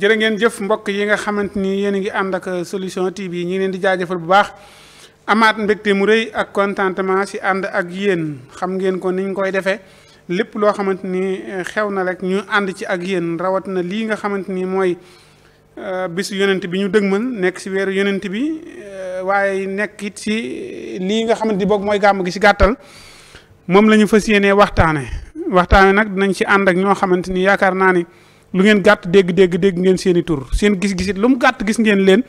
jërë ngeen jëf mbokk yi nga xamante ni yéen a ngi ànd ak solution TV ñi leen di jaajëfal bu baax amaat mbégte mu rëy ak contentement ci ànd ak yéen xam ngeen ko niñ koy defee lépp loo xamante ni eh, xew na rek ñu ànd ci ak yéen rawat lii nga xamante ni mooy eh, bisu yonent bi ñu dëgmal nekk ci weeru yonent bi eh, waaye nekk it ci lii nga xamante ni boog mooy gàmm gi ci gàttal moom la ñu fas yéenee waxtaane waxtaane nag dinañ ci ànd ak ñoo xamante ni yaakaar naa ni lu ngeen gàtt dégg-dégg dégg ngeen seeni i tur seen gis-gisit lu mu gàtt gis ngeen leen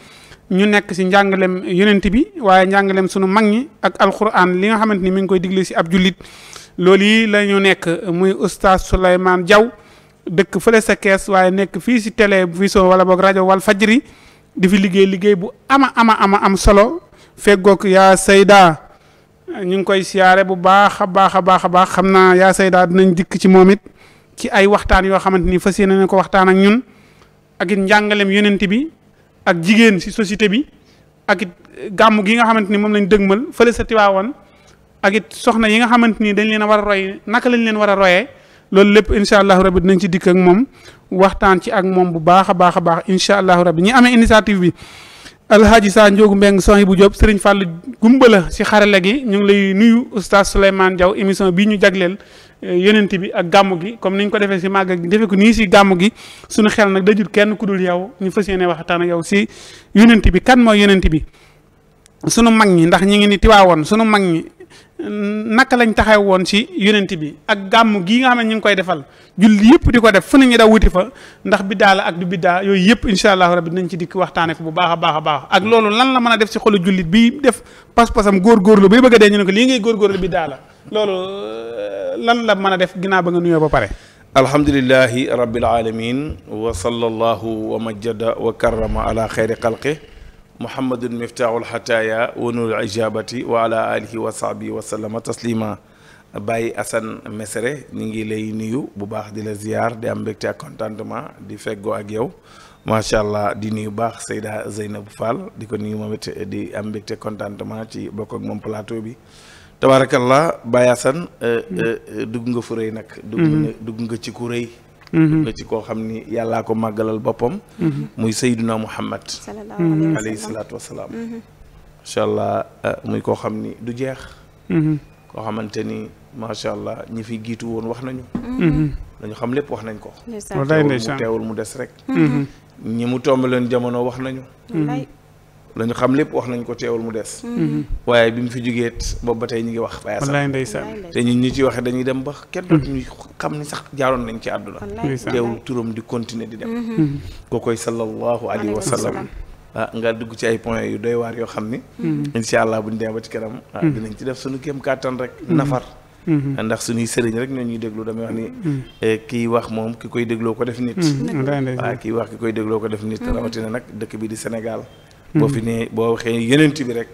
ñu nekk si njàngalem yonent bi waaye njàngalem sunu mag ñi ak alquran li nga xamante ni mi ngi koy digle si ab jullit loolu yi la ñu nekk muy oustaz Souleymane Diaw dëkk fële sa kees waaye nekk fii si télé fii so wala boog rajo wal fajri di fi liggéey liggéey bu ama ama ama am solo feggoog yaa seyda ñu ngi koy siyaare bu baax a baax a baax a baax xam naa yaa sayda dinañ dikk ci moom it ci ay waxtaan yoo xamante ni fas yéene na ko waxtaan ak ñun ak it njàngaleem yonent bi ak jigéen si société bi ak it gàmm gi nga xamante ni moom lañ dëgmal fële sa Tiwaawan ak it soxna yi nga xamante ni dañ leen a war a roy naka lañ leen war a royee loolu lépp incha allahu rabi dinañ ci dikk ak moom waxtaan ci ak moom bu baax a baax a baax incha allahu rabi ñi amee initiative bi. alhaaji saa njoogu mbeng sohi bu Jóob sëriñ Fàll gumba la si xarale gi ñu ngi lay nuyu oustaz Souleymane émission bii ñu jagleel yonent bi ak gàmm gi comme ni ñu ko defee si màgg gi defee ko nii si gàmm gi suñu xel nag dajul kenn ku dul yow ñu fas yéene waxtaan ak yow si yonent bi kan mooy yonent bi sunu mag ñi ndax ñi ngi ni tiwaawoon sunu mag ñi naka lañ taxaw woon ci yonent bi ak gàmm gii nga xam ne ñu ngi koy defal julli yëpp di ko def fu nañu daa wuti fa ndax biddaa la ak du biddaa yooyu yëpp incha allahu rabbi dinañ ci dikk waxtaane ko bu baax a baax a baax ak loolu lan la mën a def ci jullit bi def pas-pasam góorgóorlu bay bëgg a dee ñu ne ko lii ngay góorgóorlu biddaa la loolu euh, lan la mën a def ginnaaw ba nga nuyoo ba pare alhamdulilahi rabbil alamin wa sallallahu wa majjada wa karrama ala xeyri xalqi muhammadun miftaahul xataaya wa nurul ijaabati wa ala alihi wa sahbihi wa sallama taslima bàyyi Assane Mesere ñu ngi lay nuyu bu baax di la ziar di am mbégte ak contentement di feggoo ak yow macha allah di nuyu baax Seyda Zeynab Fall di ko nuyu moom di am mbégte contentement ci bokk ak moom plateau bi tabaarakallah Baye Assane. Euh, mm-hmm. euh, euh, dugg nga fu rëy nag. dugg nga mm-hmm. dugg nga ci ku rëy. Mm-hmm. la ci koo xam ni yàllaa ko màggalal boppam mm-hmm. muy sayduna muhammad mm-hmm. alayhi salaatu wasalaam macha allah eh, muy koo xam ni du jeex koo xamante ni macha allah ñi fi giitu woon wax nañu dañu xam lépp wax nañ ko mu teewul mu des rek ñi mu tombaleen jamono wax nañu la xam lépp wax nañ ko teewul mu des. Mm-hmm. waaye bi mu fi jógeet boobu ba tey ñu ngi wax. bàyyi sax ndeysaan te ñun ñi ci waxee dañuy dem ba kenn dootuñu xam ni sax jaaroon nañ ci àdduna. teewul turam di continuer di dem. Mm-hmm. Mm-hmm. kookoy sallallahu alayhi wa sallam. ah nga dugg ci ay point yu doy waar yoo xam ni. incha allah bu ñu dee ba ci kanam. Ah, nañ ci def suñu kéem kàttan rek nafar. ndax suñuy sëriñ rek ñoo ñuy déglu damay wax ni eh, kii wax moom ki koy dégloo ko def nit. waaw kii wax ki koy dégloo ko def nit rawatina nag dëkk bi di Sénégal. boo fi ne boo waxee yenent bi rek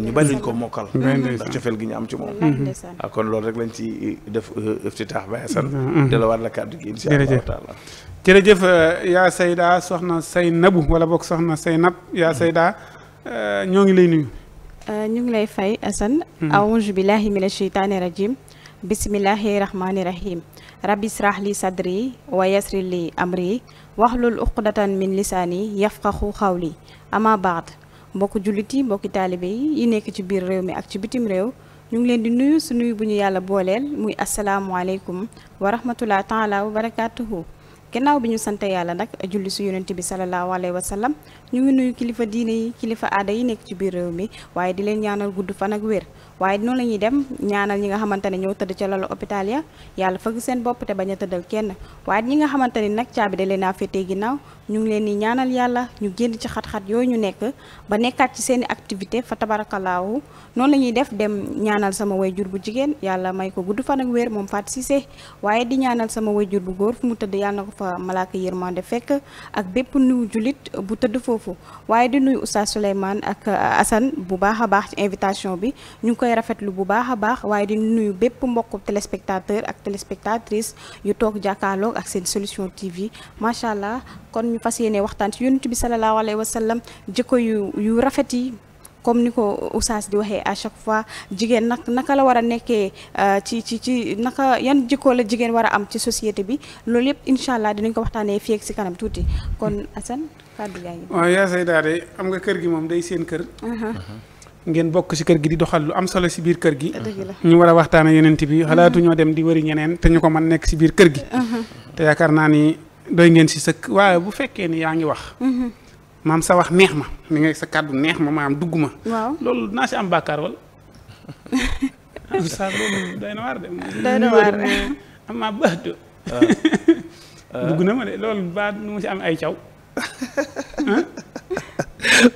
ñu bari luñ ko mokkal ndax cofeel gi ñu am ci moom ah, kon loolu rek lañ ci eh, def eh, iftitaax Baye Assane te la war la kàddu gi insha Allah taala jërëjëf eh, yaa sayda soxna say nabu wala boog soxna say nab yaa mm-hmm. sayda ñoo ngi lay nuyu euh, ñu ngi lay fay Assane mm-hmm. aouzu billahi mina sheytaani rajim bismillahi rahmaani rahim rabbi israh li sadri wa yasri li amri waxlul uqdatan min lisaani yafqahu xawli ama baad mbokk jullit yi mbokki taalibe yi nekk ci biir réew mi ak ci bitim réew ñu ngi leen di nuyu su nuyu bu ñu yàlla booleel muy asalaamualeykum wa rahmatulah taala wa barakaatuhu gannaaw bi ñu sante yàlla nag julli su yonent bi salallaahu alayhi wa sallam ñu ngi nuyu kilifa diine yi kilifa aada yi nekk ci biir réew mi waaye di leen ñaanal gudd fan ak wér waaye noonu la ñuy dem ñaanal ñi nga xamante ne ñoo tëdd ca lalu hôpital ya yàlla fëgg seen bopp te bañ a tëddal kenn waaye ñi nga xamante ni nag caabi da leen a féetee ginnaaw ñu ngi leen di ñaanal yàlla ñu génn ci xat-xat yooyu ñu nekk ba nekkaat ci seen i activité fa tabarakalaahu noonu la ñuy def dem ñaanal sama way jur bu jigéen yàlla may ko gudd fan ak wér moom Fatou Cissé waaye di ñaanal sama wayjur bu góor fu mu tëdd yàlla na ko fa malaaka yërmande fekk ak bépp nuyu julit bu tëdd foofu waaye di nuyu Oustaz Souleymane ak Assane bu baax a baax ci invitation bi ñu ngi koy rafetlu bu baax a baax waaye di nuyu bépp mbokku téléspectateur ak téléspectatrice yu toog jàkkaarloog ak seen solution TV macha fas yéene waxtaan ci yonent bi salallaahu alayhi wa sallam jikko yu yu rafet yi comme ni ko oustaz di waxee à chaque fois jigéen nag naka la war a nekkee euh, ci ci ci naka yan jikko la jigéen war a am ci société bi loolu yëpp incha allah dinañ ko waxtaanee fii ak si kanam tuuti kon Assane kàddu yaa ngi. waaw yaa say nga kër gi moom day seen kër. Uh-huh. ngeen bokk ci kër gi di doxal lu am solo ci biir kër gi. ñu war a waxtaanee yonent bi uh-huh. xalaatu ñoo dem di wëri ñeneen te ñu ko mën nekk ci biir kër gi. Uh-huh. doy ngeen si sëkk waaye bu fekkee ni yaa ngi wax. Mhm. maam sa wax neex ma mi ngay sa kàddu neex ma maam dugg ma. waaw loolu naa si am bàkkaar wala. saa na waar de. doy na waar de am naa baax de. Ah, ah. na ma de loolu baa nu mu si am ay caw.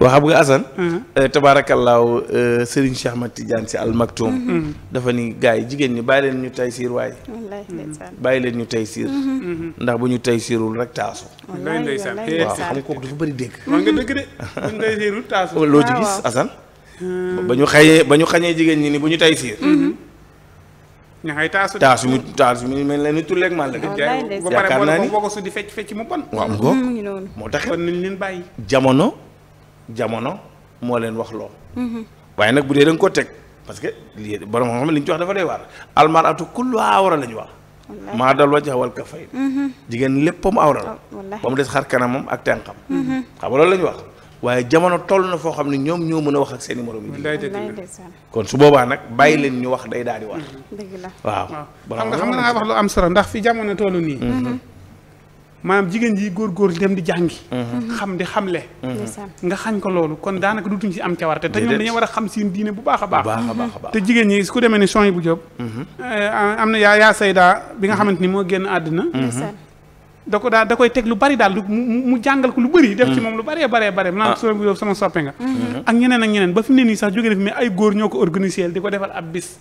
waa xam nga Assane. Hmm. Euh, tabaarakallaahu euh, Serigne Cheikh Ahmad Tidiane si almaktoum. Hmm, hmm. dafa ni gars yi jigéen ñi bàyyi leen ñu tay siir waaye. bàyyi leen ñu tay siir. ndax bu ñu tay siirul rek taasu. wallaay ndeysaan waaw xam kooku dafa bëri dégg. man nga dëgg de bu ñu tay siirul taasu. Oh, ba ñu xañee ba ñu ni bu ñu tay siir. ña ngay taasu taasu mu taasu mu mel ni tulleeg man la. yaakaar naa ni boo ko su di fecc fecc mu bon. waaw am ko moo taxit kon nañ leen bàyyi jamono. jamono moo leen wax loo. Mhm. waaye nag bu dee da nga ko teg parce que lii borom xam li ñu ci wax dafa doy waar almaratu kullu awra la ñu wax. maa dal wajha wal kafay mhm. jigéen léppam awra la. Oh, ba mu des xar kanamam ak tenqam. Mhm. xam nga loolu la ñu wax waaye jamono toll na foo xam ne ñoom ñoo mën a wax ak seen i morom yi. kon su boobaa nag bàyyi leen ñu wax day daal di wax. dëgg la waaw. xam nga xam naa wax lu am solo ndax fi jamono toll nii. maanaam jigéen ji góor-góor dem di jàngi. Mm-hmm. xam di xamle. nga xañ ko loolu kon daanaka dutuñ ci am cawarte te ñoom dañoo war a xam seen diine bu baax a baax. te jigéen ñi su demee ni son yi bu jóob. Mm-hmm. Eh, am na yaa yaa sayda bi nga mm-hmm. xamante ni moo génn àddina. da ko daa da koy teg bari daal mu jàngal ko lu bëri def ci moom lu bëree baree bare naan ah. soo bu sama soppe nga ak ñeneen ak ñeneen ba fi mu ne nii sax jóge na fi mais ay góor ñoo ko organisé di ko defal ab bis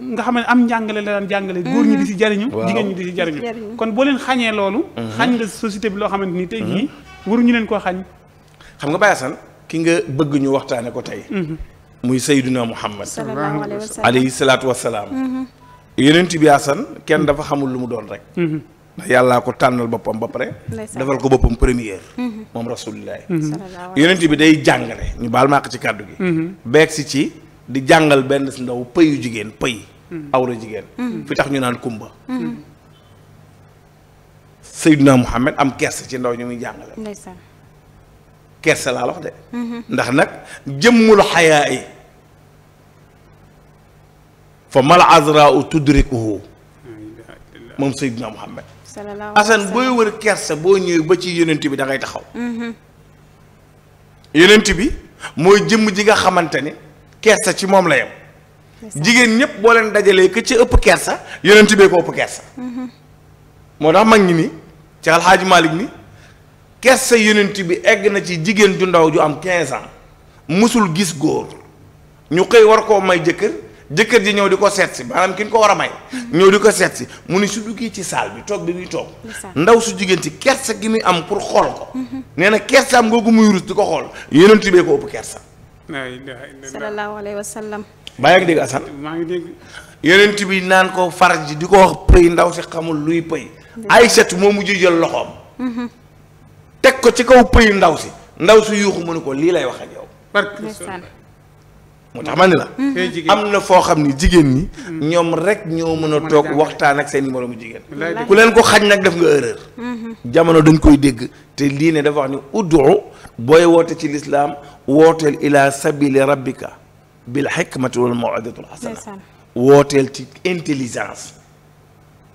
nga xam ne am njàngale la daan jàngale góor ñi di si mhm. jariñu jigéen ñu di si jariñu kon boo leen xañee loolu mhm. xañ nga société bi loo xamante ni tey jii mhm. waruñu leen koo xañ xam nga Baye Assane ki nga bëgg ñu waxtaane ko tey muy Seydina Muhammad alayhi salaatu kenn dafa xamul lu mu doon rek ndax yàllaa ko tànnal boppam ba pare defal ko boppam première moom rasulillahi yenent bi day jàngale ñu baal maa ko ci kàddu gi beeg si ci di jàngal benn si ndaw pëyu jigéen pëy hmm. awra jigéen hmm. fi tax ñu naan kumba hmm. Seydina Muhammad am kersa ci ndaw ñu muy jàngale kersa laa wax de ndax nag jëmmul xayaa yi fa mal azraa tudrikuhu moom Seydina Muhammad asan booy wër kersa boo ñëwee ba ci yonent bi dangay ngay taxaw yonent bi mooy jëmm ji nga xamante ni kersa ci moom la yem. jigéen ñëpp boo leen dajalee ka ci ëpp kersa yonent bee ko ëpp kersa. Mm-hmm. moo tax mag ñi ni ci alxaaji Malick ni kersa yonent bi egg na ci jigéen ju ndaw ju am 15 ans mosul gis góor ñu xëy war koo may jëkkër jëkkër ji ñëw di ko seet si maanaam ki ñu ko war a may. Mm-hmm. ñëw di ko seet si mu ni su duggee ci saal bi toog bi muy toog. ndaw su jigéen ci kersa gi muy am pour xool ko. Mm-hmm. nee na kersaam googu muy rus di ko xool yonent bee ko kersa. sallallahu alayhi wa sallam. bàyyi ak dégg Assane. maa ngi dégg. yonent bi naan ko faraj di ko wax pëy ndaw si xamul luy pëy. Aysatu moo mujj jël loxoom. Mhm. teg ko ci kaw pëy ndaw si ndaw si yuuxu mu ne ko lii lay wax ak yow. moo tax ma ne la. Mhm. am na foo xam ni jigéen ñi. Mhm. ñoom rek ñoo mën a toog waxtaan ak seen moromu jigéen. ku leen ko xaj nag def nga erreur. jamono dañ koy dégg te lii ne dafa wax ni uddu booy woote ci lislaam wooteel ila sabili rabbika bila xikmati wal mawidati al xasana wooteel ci intelligence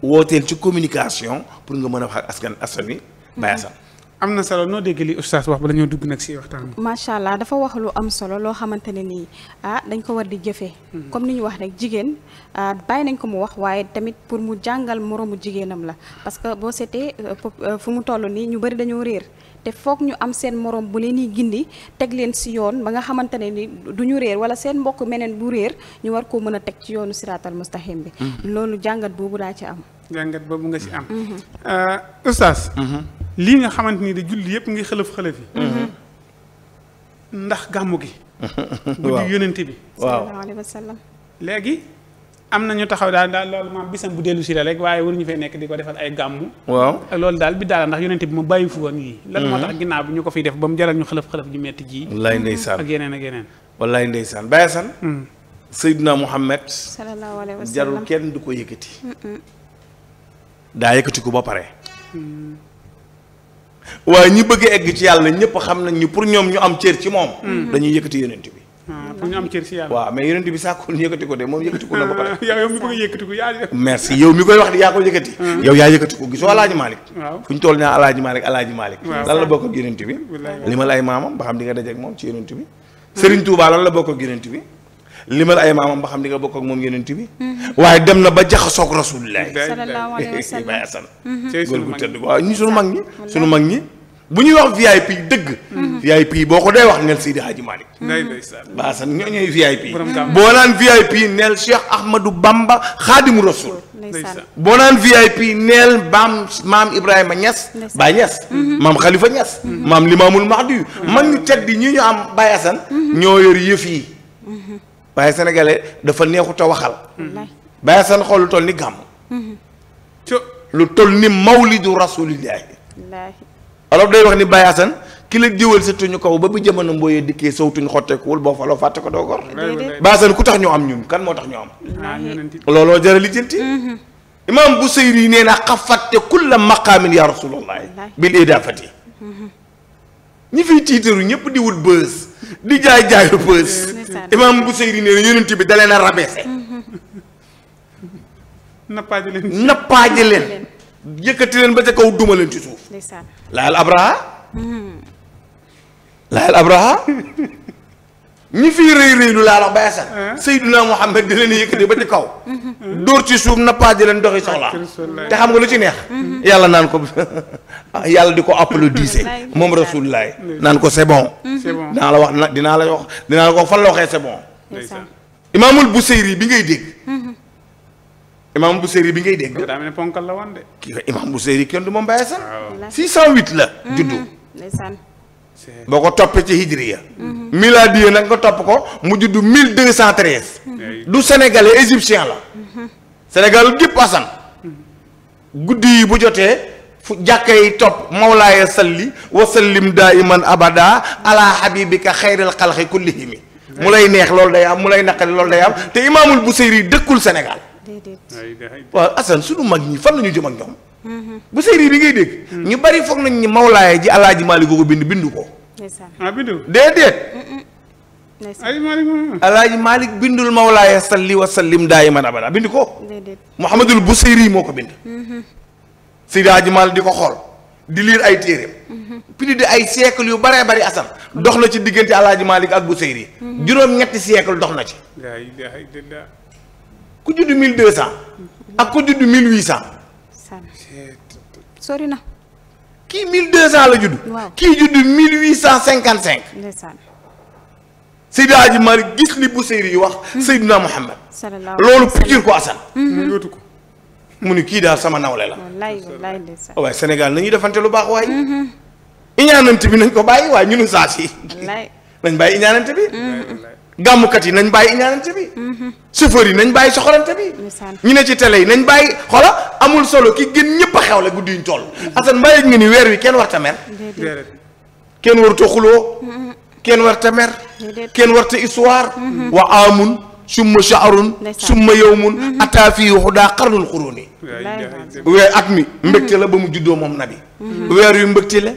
wooteel ci communication pour nga mën a wax ak askan askan wi mhm. Baye Assane am na solo noo dégg li oustaz wax bala ñoo dugg nag si waxtaan bi macha allah dafa wax lu am solo loo xamante ne nii ah dañ ko war di jëfee mhm. comme ni ñu wax rek jigéen ah, bàyyi nañ ko mu wax waaye tamit pour mu jàngal moroomu jigéenam la parce que boo seetee euh, euh, fu mu toll nii ñu bëri dañoo réer te foog ñu am seen moroom bu leen di gindi teg leen si yoon ba nga xamante ne ni du ñu réer wala seen mbokk meneen bu réer ñu war koo mën a teg ci yoonu siraatal mustaqim bi. Mm-hmm. loolu jàngat boobu daa ci am. jàngat boobu nga ci am. Mm-hmm. Euh, ustaas. Mm-hmm. lii nga xamante ni di julli yëpp ngi xëlëf xëlëf yi. ndax gàmmu gi. waaw guddi yonent bi. waaw léegi. am na ñu taxaw daal daal loolu maam bisam bu dellu si la rek waaye waruñu fee nekk di ko defal ay gàmmu waaw ak loolu daal bi daal ndax yonente bi mu bàyyi fu woon yii mhm. lan moo tax ginnaaw bi ñu ko fiy def ba mu jaral ñu xëlëf-xëlëf ju metti ji wallaay ndeysaan ak yeneen ak yeneen wallaay ndeysaan Baye Assane mm. Seydina Muhammad wa sallam jarul kenn du ko yëkkati daa yëkkati ko ba pare mm. waaye ñi bëgg egg ci yàlla ñëpp xam nañ ñu pour ñoom ñu am cër ci moom mm. dañuy yëkkati yonente bi pour ñu am cër si yàlla waaw mais yonent bi sàkkul ñu yëkkati ko de moom yëkkati ko na ba pare yow mi bëgg yëkkati ko merci yow mi koy wax di yaa ko yëkkati ah. yow yaa yëkkati ko gisoo alaaji Malick fu ñu toll naa alaaji Malick alaaji Malick lan la bokk ak yonent bi limal ay maamam ba xam di dajeek moom ci yonent bi Serigne Touba lan la bokk ak yonent bi limal ay maamam ba xam di bokk ak moom yonent bi mhm. waaye dem na ba jaxasoog rasulullah sallallahu wa sallam góor gu tëdd waaw ñu sunu mag ñi sunu mag bu ñuy wax VIP dëgg. Mhm. VIP boo ko dee wax neel Seydi Hadji Malick. Mhm. ñoo ñooy VIP. boo naan VIP neel Cheikh Ahmadou Bamba Xaadimu Rasul. boo naan VIP neel baam maam Ibrahima Niass. Baay Niass. Mhm. maam Khalifa Niass. maam Limaamul Mahdi. man ñu tedd ñi ñu am Baye Assane. ñoo yor yëf yi. waaye sénégalais dafa neexut a waxal. Baye Assane xool lu toll ni gàmm. lu toll ni mawlidu rasulillahi alors day wax ni Baye ki la jiwal sa tuñu kaw ba bu jamono mbooyee dikkee sow tuñ xotteekuwul boo faloo fàtte ko doo gor Baye Assane ku tax ñu am ñun kan moo tax ñu am looloo jara lijjanti mhm. imaam Busayri nee na xafatte kulla maqaamin ya rasulallahi bil idafati mhm. ñi fiy tiitaru ñëpp di wut bës di jaay jaayu bës imaam bu nee na yonent bi da leen a rabaissé mhm. nappaaje leen nappaaje leen yëkkati leen ba ca kaw duma leen ci suuf. laayal abraha. laayal abraha. ñi fii rëy rëy laa la ba ah. sax. Seydina Mohamed di leen yëkkati ba ci kaw. Mm-hmm. dóor ci suuf nappaa di leen doxi soxla te xam nga lu ci neex. Mm-hmm. yàlla naan ko ah, yàlla di ko applaudisé moom rasulullah naan ko c'est mm-hmm. dinaa la wax dinaa la wax dinaa la ko fan la waxee c'est imaamul Buseyri bi ngay dégg. imaam Buseyri bi ngay dégg. daa mel ne la woon de. kii la imaam Buseyri kenn du ma Mbaye Assane. waaw 608 la. Mm-hmm. juddu boo ko toppee ci hijriya. Mm-hmm. miladiya nag nga topp ko mu judd 1213. Mm-hmm. du sénégalais égyptien la. Sénégal gépp Assane. guddi yi bu jotee fu jàkka yi topp mawlaaya salli wa sallim daiman abada ala habibika xayril xalqi kullihimi mu lay neex loolu day am mu lay naqari loolu day am te imaamul Buseyri dëkkul Sénégal. waaw Assane suñu mag ñi fan la ñu jëm ak ñoom. bu bi ngay dégg. ñu bari foog nañ ñi Mawlaay ji Alaaji Maalik ko ko bind bindu ko. ah bindu déedéet. Alaaji Maalik bindul Mawlaaya salli wa sallim daayiman abada bind ko. déedéet Mouhamadul Buseyri moo ko bind. Mm-hmm. Seydi Alaaji Maalik di ko xool di liir ay téeréem. Mm-hmm. plus de ay siècle yu baree bari Assane dox na ci diggante Alaaji Maalik ak Buseyri. Mm-hmm. juróom-ñetti siècle dox na ci. ku judd mille deux cent ak ku judd mille huit cent sori na kii mille deux cent la judd kii judd mille huit cent cinquante cinq Seydi Hadji Malick gis li bu seyri yi wax hmm. Seydina Muhammad loolu piqûre ko Assane dootu hmm. hmm, ko mu ni kii daal sama nawle la oh, waaye Sénégal nañuy defante lu baax waaye iñaanante bi nañ ko bàyyi waaye ñunu saas yi nañ bàyyi iñaanante bi gàmmukat yi nañ bàyyi iñaanante bi. chauffeur yi nañ bàyyi soxorante bi. ñu ne ci télé yi nañ bàyyi xoola amul solo ki gën ñëpp a la guddi ñu toll. Mm-hmm. Assane mbaa yëg nga ni weer wi kenn warta mer. kenn warta xuloo. Mm-hmm. kenn warta kenn warta histoire. Mm-hmm. wa amun summa shaarun summa yowmun ataa fii xudaa xarnul xuróoni weer at mi mbégte la ba mu juddoo moom nabi weer wi mbégte la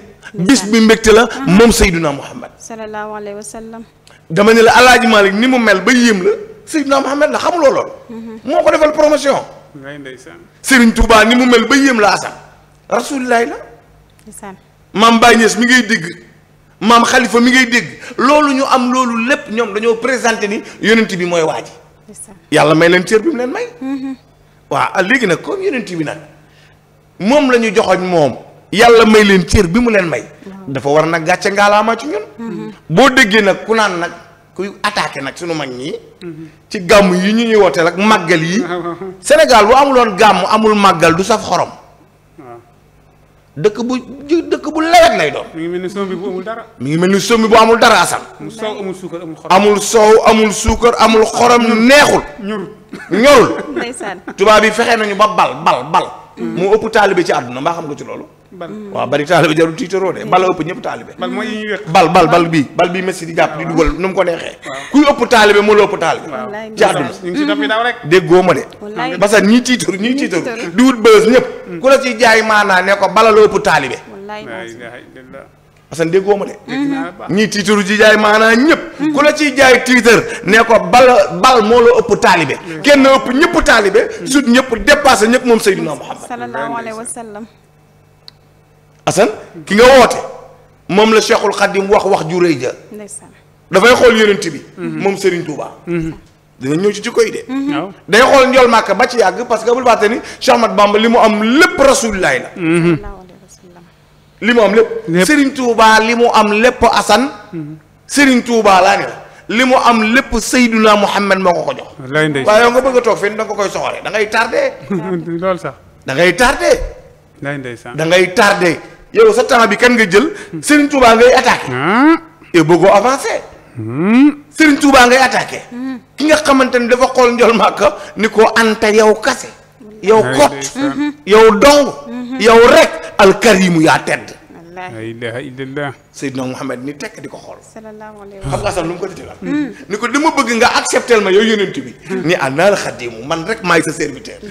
bis bi mbégte la moom sayduna muhammad sallallahu alayhi wa dama ne la alaaji Malick ni mu mel ba yéem la Seydina Mohamed la xamuloo lool. Mhm. moo ko defal promotion. ngay ndeysaan Serigne Touba ni mu mel ba yéem la asan rasulilaay la. ndeysaan maam Baye Niass mi ngay dégg maam Khalifa mi ngay dégg loolu ñu am loolu lépp ñoom dañoo présenté ni yonent bi mooy waaji yàlla may leen cër bi mu leen may. Mhm. waaw léegi nag comme yonent bi nag moom la ñu joxoñ moom. yàlla may leen cër bi mu leen may. dafa war nag gàcce ngaalaamaa ci ñun. boo déggee nag ku naan nag kuy attaqué nag suñu mag ñi. ci gàmm yi ñu ñuy woote ak màggal yi. Sénégal bu amuloon gàmm amul màggal du saf xorom. dëkk bu dëkk bu lewet lay doon. mi ngi mel ni sombi bu amul dara. mi ngi mel ni sombi bu amul dara asam. amul soow amul suukar amul xorom. amul soow amul suukar amul xorom neexul. ñorul ñorul. ndeysaan tubaab yi fexe nañu ba bal bal bal. mu mm. ëpp taalibe ci àdduna mbaa xam nga ci loolu. bal mm. waaw bari taalibe jarul tiitaroo de bal ëpp ñëpp taalibe bal mooy yi ñu wér bal bal bal bii bal bii Messi di jàpp di dugal nu mu ko neexee kuy ëpp taalibe moo la ëpp taalibe ci àdduna ñu ngi ci daf mi daaw rek déggoo ma de parce que ñii tiitaru ñii tiitaru di wut ñëpp mm. ku la ci jaay maanaa ne ko bala la ëpp taalibe asan déggoo ma de mm-hmm. ñëpp mm-hmm. ku la ciy jaay tiitar ne ko bal moo la ëpp taalibe mm-hmm. kenn ëpp ñëpp taalibe sut ñëpp dépassé ñëpp moom Seydina Muhammad sallallahu alayhi wa sallam Assane ki nga woote moom la Cheikhul Khadim wax wax ju rëy ja dafay xool yonent bi mhm. moom Serigne Touba mhm. dina ñëw ci jikko de mhm. day xool njool màkk ba ci yàgg parce que bul fàtte ni Cheikh Ahmad li mu am lépp rasulilaay la li mu am lépp Serigne Touba li mu am lépp Assane Serigne Touba laa ne la li mu am lépp Seydina Muhammad moo ko ko jox waaye yow nga bëgg a toog fii da nga koy soxore da ngay tardé loolu sax da ngay tardé da ngay tardé yow sa temps bi kan nga jël Serigne Touba ngay attaqué. yow ah. bëggoo avancé. Hmm. Serigne Touba ngay attaqué. Hmm. ki nga xamante ni dafa xool njol màkka ni ko anta yow kase. yow kot hmm. yow dong. yow rek alkarimu yaa tedd. la ilaha illallah Seydina Muhammad ni tekk di ko xool xam nga sax lu mu ko ditalal ni ko dama bëgg nga acceptel ma yow yonent bi ni anaal xadimu man rek maay sa serviteur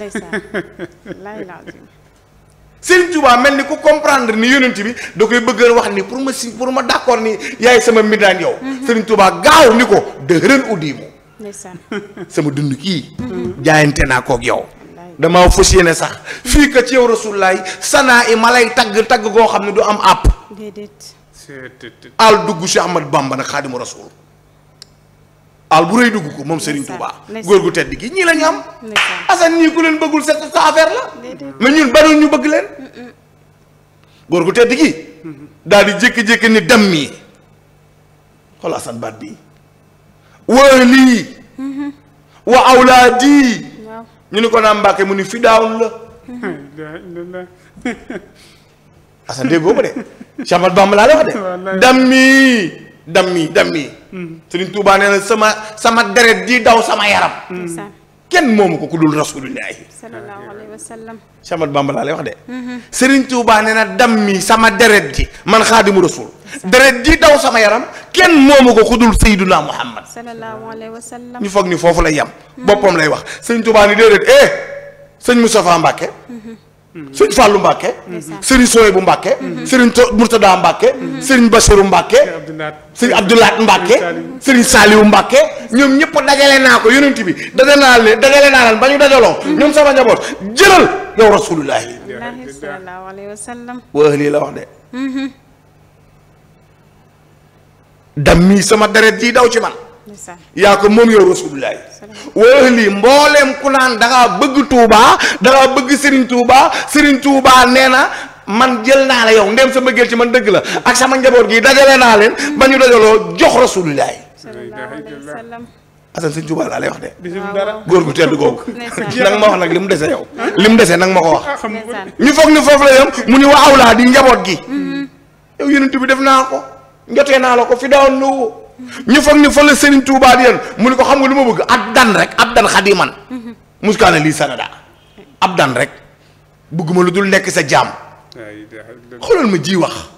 Sëriñ Tuubaa mel ni ku comprendre ni yonent bi da koy bëgg wax ni pour ma si pour ma d'accord ni yaay sama mbindaan yow. Mhm. Sëriñ Tuubaa gaaw ni ko dëhëran uddi mu. sama dund kii. Mhm. jaayante naa koog yow. damaa fos yéene sax fii ka ci yow rasulaay sanaa i ma lay tagg tagg koo xam ne du am àpp. déedéet. al dugg Cheikh Ahmad Bamba nag xaadimu rasul al bu rëy dugg ko moom Serigne Touba góor gu tedd gi ñii la ñu am asan ñii ku leen bëggul sa sa affaire la mais ñun banoon ñu bëgg leen góor gu tedd gi mm-hmm. daal di jékki-jékki ni dem mii xool asan baat bi waalii mm-hmm. wa awlaadi ñu ni ko naa Mbàkke mu ni fi la mm-hmm. asan déggoo ko de Cheikh Ahmadou Bamba laa la wax de dammi dam mi hmm. Sëriñ Tuubaa nee na sama sama deret di daw sama yaram. Hmm. kenn moomu ko ku dul rasuulullaahi. sallallahu alayhi wa sallam. Chamat Bamba laa lay wax de. Mm-hmm. Sëriñ Tuubaa nee na dammi sama deret ji man xaadimu rasul. deret ji daw sama yaram kenn moomu ko ku dul Seyduna Muhammad. sallallahu alayhi wa sallam. ñu foog ni foofu lay yam. Mm-hmm. boppam lay wax Sëriñ Tuubaa ni déedéet eh sëñ Moustapha Mbacke. Mm-hmm. sëñ Fallou Mbacke. sëriñ Soye bu Mbacke. sëriñ Murtada Mbacke. sëriñ Bassirou Mbacke. sëriñ Abdoulaat Mbacke. sëriñ Saliou Mbacke. ñoom ñëpp dajale naa ko yonent bi dajale naa leen dajale naa ba ñu dajaloo. ñoom sama njaboot jëlal yow rasulullahi. sallallahu alayhi wa lii la wax de. dam sama deret ji daw ci man. yaa ko moom yow rasulullahi wa lii mbooleem ku naan dangaa bëgg Touba dangaa bëgg Serigne Touba Serigne Touba nee na man jël naa la yow ndem sa bëggeel ci man dëgg la ak sama njaboot gi dajale naa leen ba ñu dajaloo jox rasulullahi asan sëñ Touba laa lay wax de góor gu tedd googu nanga ma wax nag li mu dese yow li mu dese nanga ma ko wax ñu foog ni foofu la yam mu ni wa awlaa di njaboot gi mm-hmm. yow yonent bi def naa ko njotee naa la ko fi ñu foog ni fa la Serigne Touba di yéen mu ni ko xam nga lu ma bëgg ab dan rek ab dan xadiman muskaana lii sanada ab dan rek bëgguma lu dul nekk sa jaam xoolal ma ji wax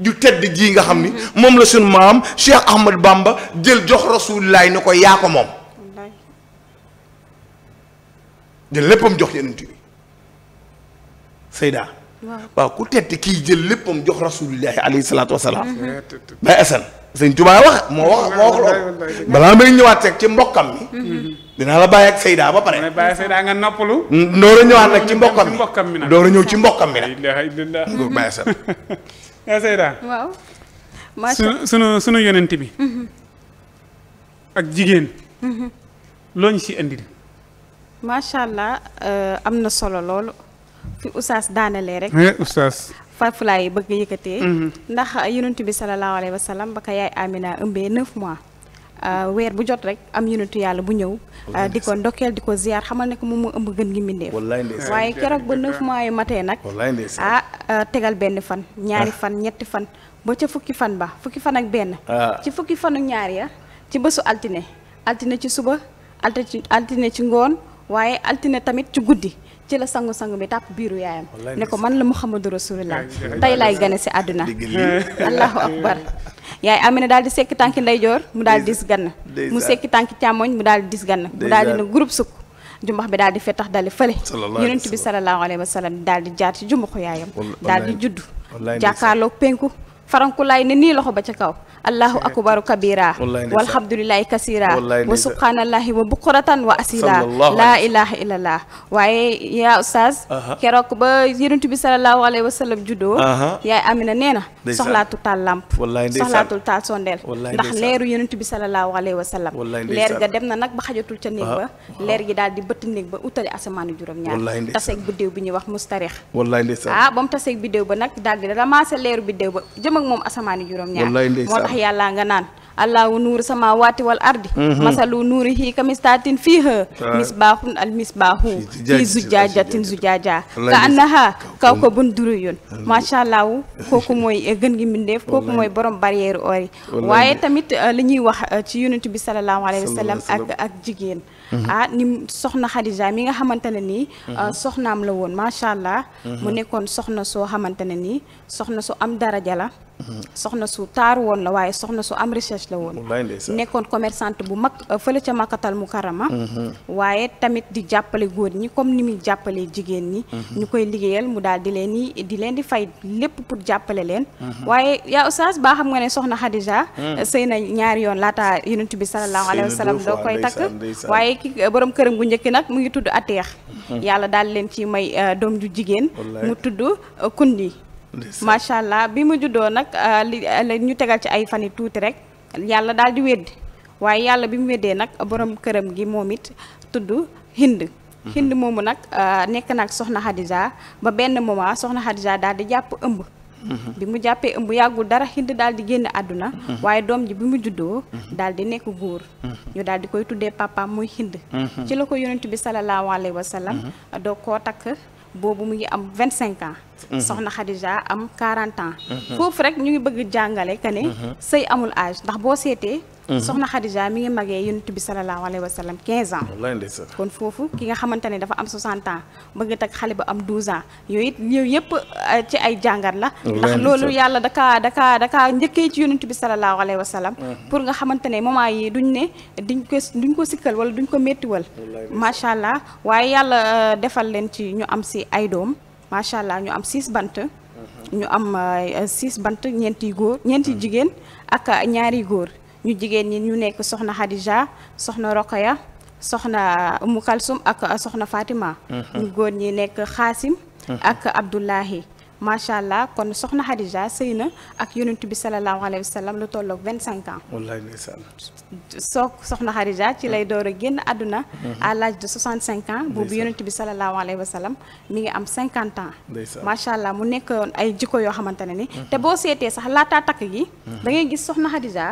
ju tedd ji nga xam ni moom la suñ maam Cheikh Ahmad Bamba jël jox rasulilaay ni ko yaa ko moom jël léppam jox yenent bi Seyda waaw ku tedd kii jël léppam jox rasulilahi alayhi salaatu wasalaam mm-hmm. bay asan sëñ Tuubaa wax moo wax moo ñëwaat rek ci mbokkam mi mhm. dinaa la bàyyi Seyda ba pare. bàyyi Seyda nga noppalu. door a ñëwaat nag ci mbokkam mi door a ñëw ci mbokkam mi nag. alhamdulilah bàyyi sa. yaa Seyda. waaw. macha sunu sunu yonent bi. Mhm. ak jigéen. Mhm. loo ñu si indil. macha allah euh, am na solo loolu. fi oustaz daanelee rek. Eh, oustaz. foofu laay bëgg yëkkatee. Mm-hmm. ndax yonent bi salallaahu alayhi wa sallam ba ko yaay Amina ëmbee 9 mois. Euh, weer bu jot rek am yonentu yàlla bu ñëw oh, euh, di ko ndokkeel di ko ziar xamal ne ko moom mu ëmb gën gi mbindeef waaye keroog ba neuf mois yu matee nag ah euh, tegal benn fan ñaari ah. fan ñetti fan ba ca fukki fan ba fukki fan ak benn ah. ci fukki fanu ñaar ya ci bësu altine altine ci suba ci altine ci ngoon waaye altine tamit ci guddi ci la sangu sangu bi tàpp biiru yaayam ne ko man la Muhammadu Rasulullah tey laay gane si àdduna allahu akbar yaay Amina daal di sekki tànki ndeyjoor mu daal di dis gann mu sekki tànki càmmoñ mu daal di dis gann mu daal di ne groupe sukk jumbax bi daal di fettax dali fële yonent bi sallallahu alayhi wa dal daal di jaar ci jumbaxu yaayam daal di judd jàkkaarloog penku faranku laay ne nii loxo ba ca kaw allahu akbaru kabira walhamdulilahi kasira wa subhanallahi wa bukuratan wa asila laa ilaha illallah waaye yaa oustaz keroog ba yonent bi salallahu alayhi wa sallam juddoo yaay amina nee na soxlaatul taal lamp soxlaatul taal sondeel ndax leeru yonent bi salallahu alayhi wa sallam leer ga dem na nag ba xajatul ca néeg ba leer gi daal di bëtt néeg ba utali asamaanu juróom-ñaar taseeg biddéew bi ñuy wax mustarix ah ba mu taseeg biddéew ba nag daal di ramaase leer biddéew ba jëm ak moom asamaanu juróom-ñaar wax yàlla nga naan allahu nuuru samawati wal ardi mhm. masalu nuurihi kamistatin fiiha misbahun al misbahu fi zujaajatin zujaaja ka annaha kawkabun duruyun macha allah kooku mooy gën gi mbindeef kooku mooy borom barrière ori waaye tamit uh, li ñuy wax uh, ci yonent bi salallahu alayhi wa sallam ak ak jigéen mhm. ah ni soxna Xadija mi nga xamante ne nii uh, mhm. soxnaam la woon macha allah mu nekkoon soxna soo xamante nii soxna su am daraja la soxna su taaru woon la waaye soxna su am recherche la woon nekkoon commerçante bu mag euh, fële ca makatal mu karama mhm. waaye tamit di jàppale góor ñi comme ni muy jàppale jigéen ñi mhm. ñu koy liggéeyal mu daal di leen di di leen di fay lépp pour jàppale leen mhm. waaye yaa oustaz baa xam nga ne soxna Xadija euh, sëy na ñaari yoon laata yonent bi salallaahu alayhi wa sallam waaye ki euh, borom këram gu njëkki nag mu ngi tudd ateex yàlla daal leen ci may doom ju jigéen mu tudd macha allah bi mu juddoo nag ah, li ah, ñu tegal ci ay fan yi tuuti rek yàlla daal di weddi waaye yàlla bi mu weddee nag boroom këram gi moom it tudd hind mhm. hind moomu nag ah, nekk nag soxna Xadija ba benn moment soxna Xadija daal di jàpp ëmb mhm. bi mu jàppee ëmb yàggul dara xind daal di génn àdduna mhm. waaye doom ji bi mu juddoo daal di nekk góor ñu daal di koy tuddee papaam muy hind ci la ko yonent bi salallaahu alayhi wa doo koo takk boobu mu ngi am vingt cinq ans mhm. soxna Khadija am quarante ans mhm. foofu rek ñu ngi bëgg jàngale que ne mhm. sëy amul age ndax boo seetee Mm-hmm. soxna Khadija mi ngi magee yonent bi salallaahu alayhi wa sallam 15 ans kon foofu ki nga xamante ne dafa am 60 ans bëgg tag xale bu am 12 ans yooyu it yooyu yëpp euh, ci ay jàngat la ndax loolu yàlla daka daka daka njëkkee ci yonent bi salallaahu alayhi wa sallam mm-hmm. pour nga xamante ne moment yi duñ ne duñ ko duñ ko sikkal wala duñ ko méttiwal macha allah waaye yàlla euh, defal leen ci ñu am si ay doom macha allah ñu am 6 bant mm-hmm. ñu am 6 euh, bant ñeenti góor ñeenti jigéen ak ñaari góor ñu jigéen ñi ñu nekk soxna Khadija soxna Rokhaya soxna Umu Kalsum ak soxna Fatima. Mhm. ñu góor ñi nekk Xaasim. Mhm. ak Abdullahi. macha allah kon soxna Khadija sëy na ak yonent bi salallaahu alayhi wa sallam tolloog vingt cinq ans. wallaahi soo soxna Khadija ci lay mhm. door génn àdduna. à l'âge de soixante cinq ans. boobu bi salallaahu alayhi wa sallam mi ngi am cinquante ans. macha allah mu nekkoon ay jikko yoo xamante ne ni. te boo seetee sax laataa takk gi. da ngay gis soxna Khadija.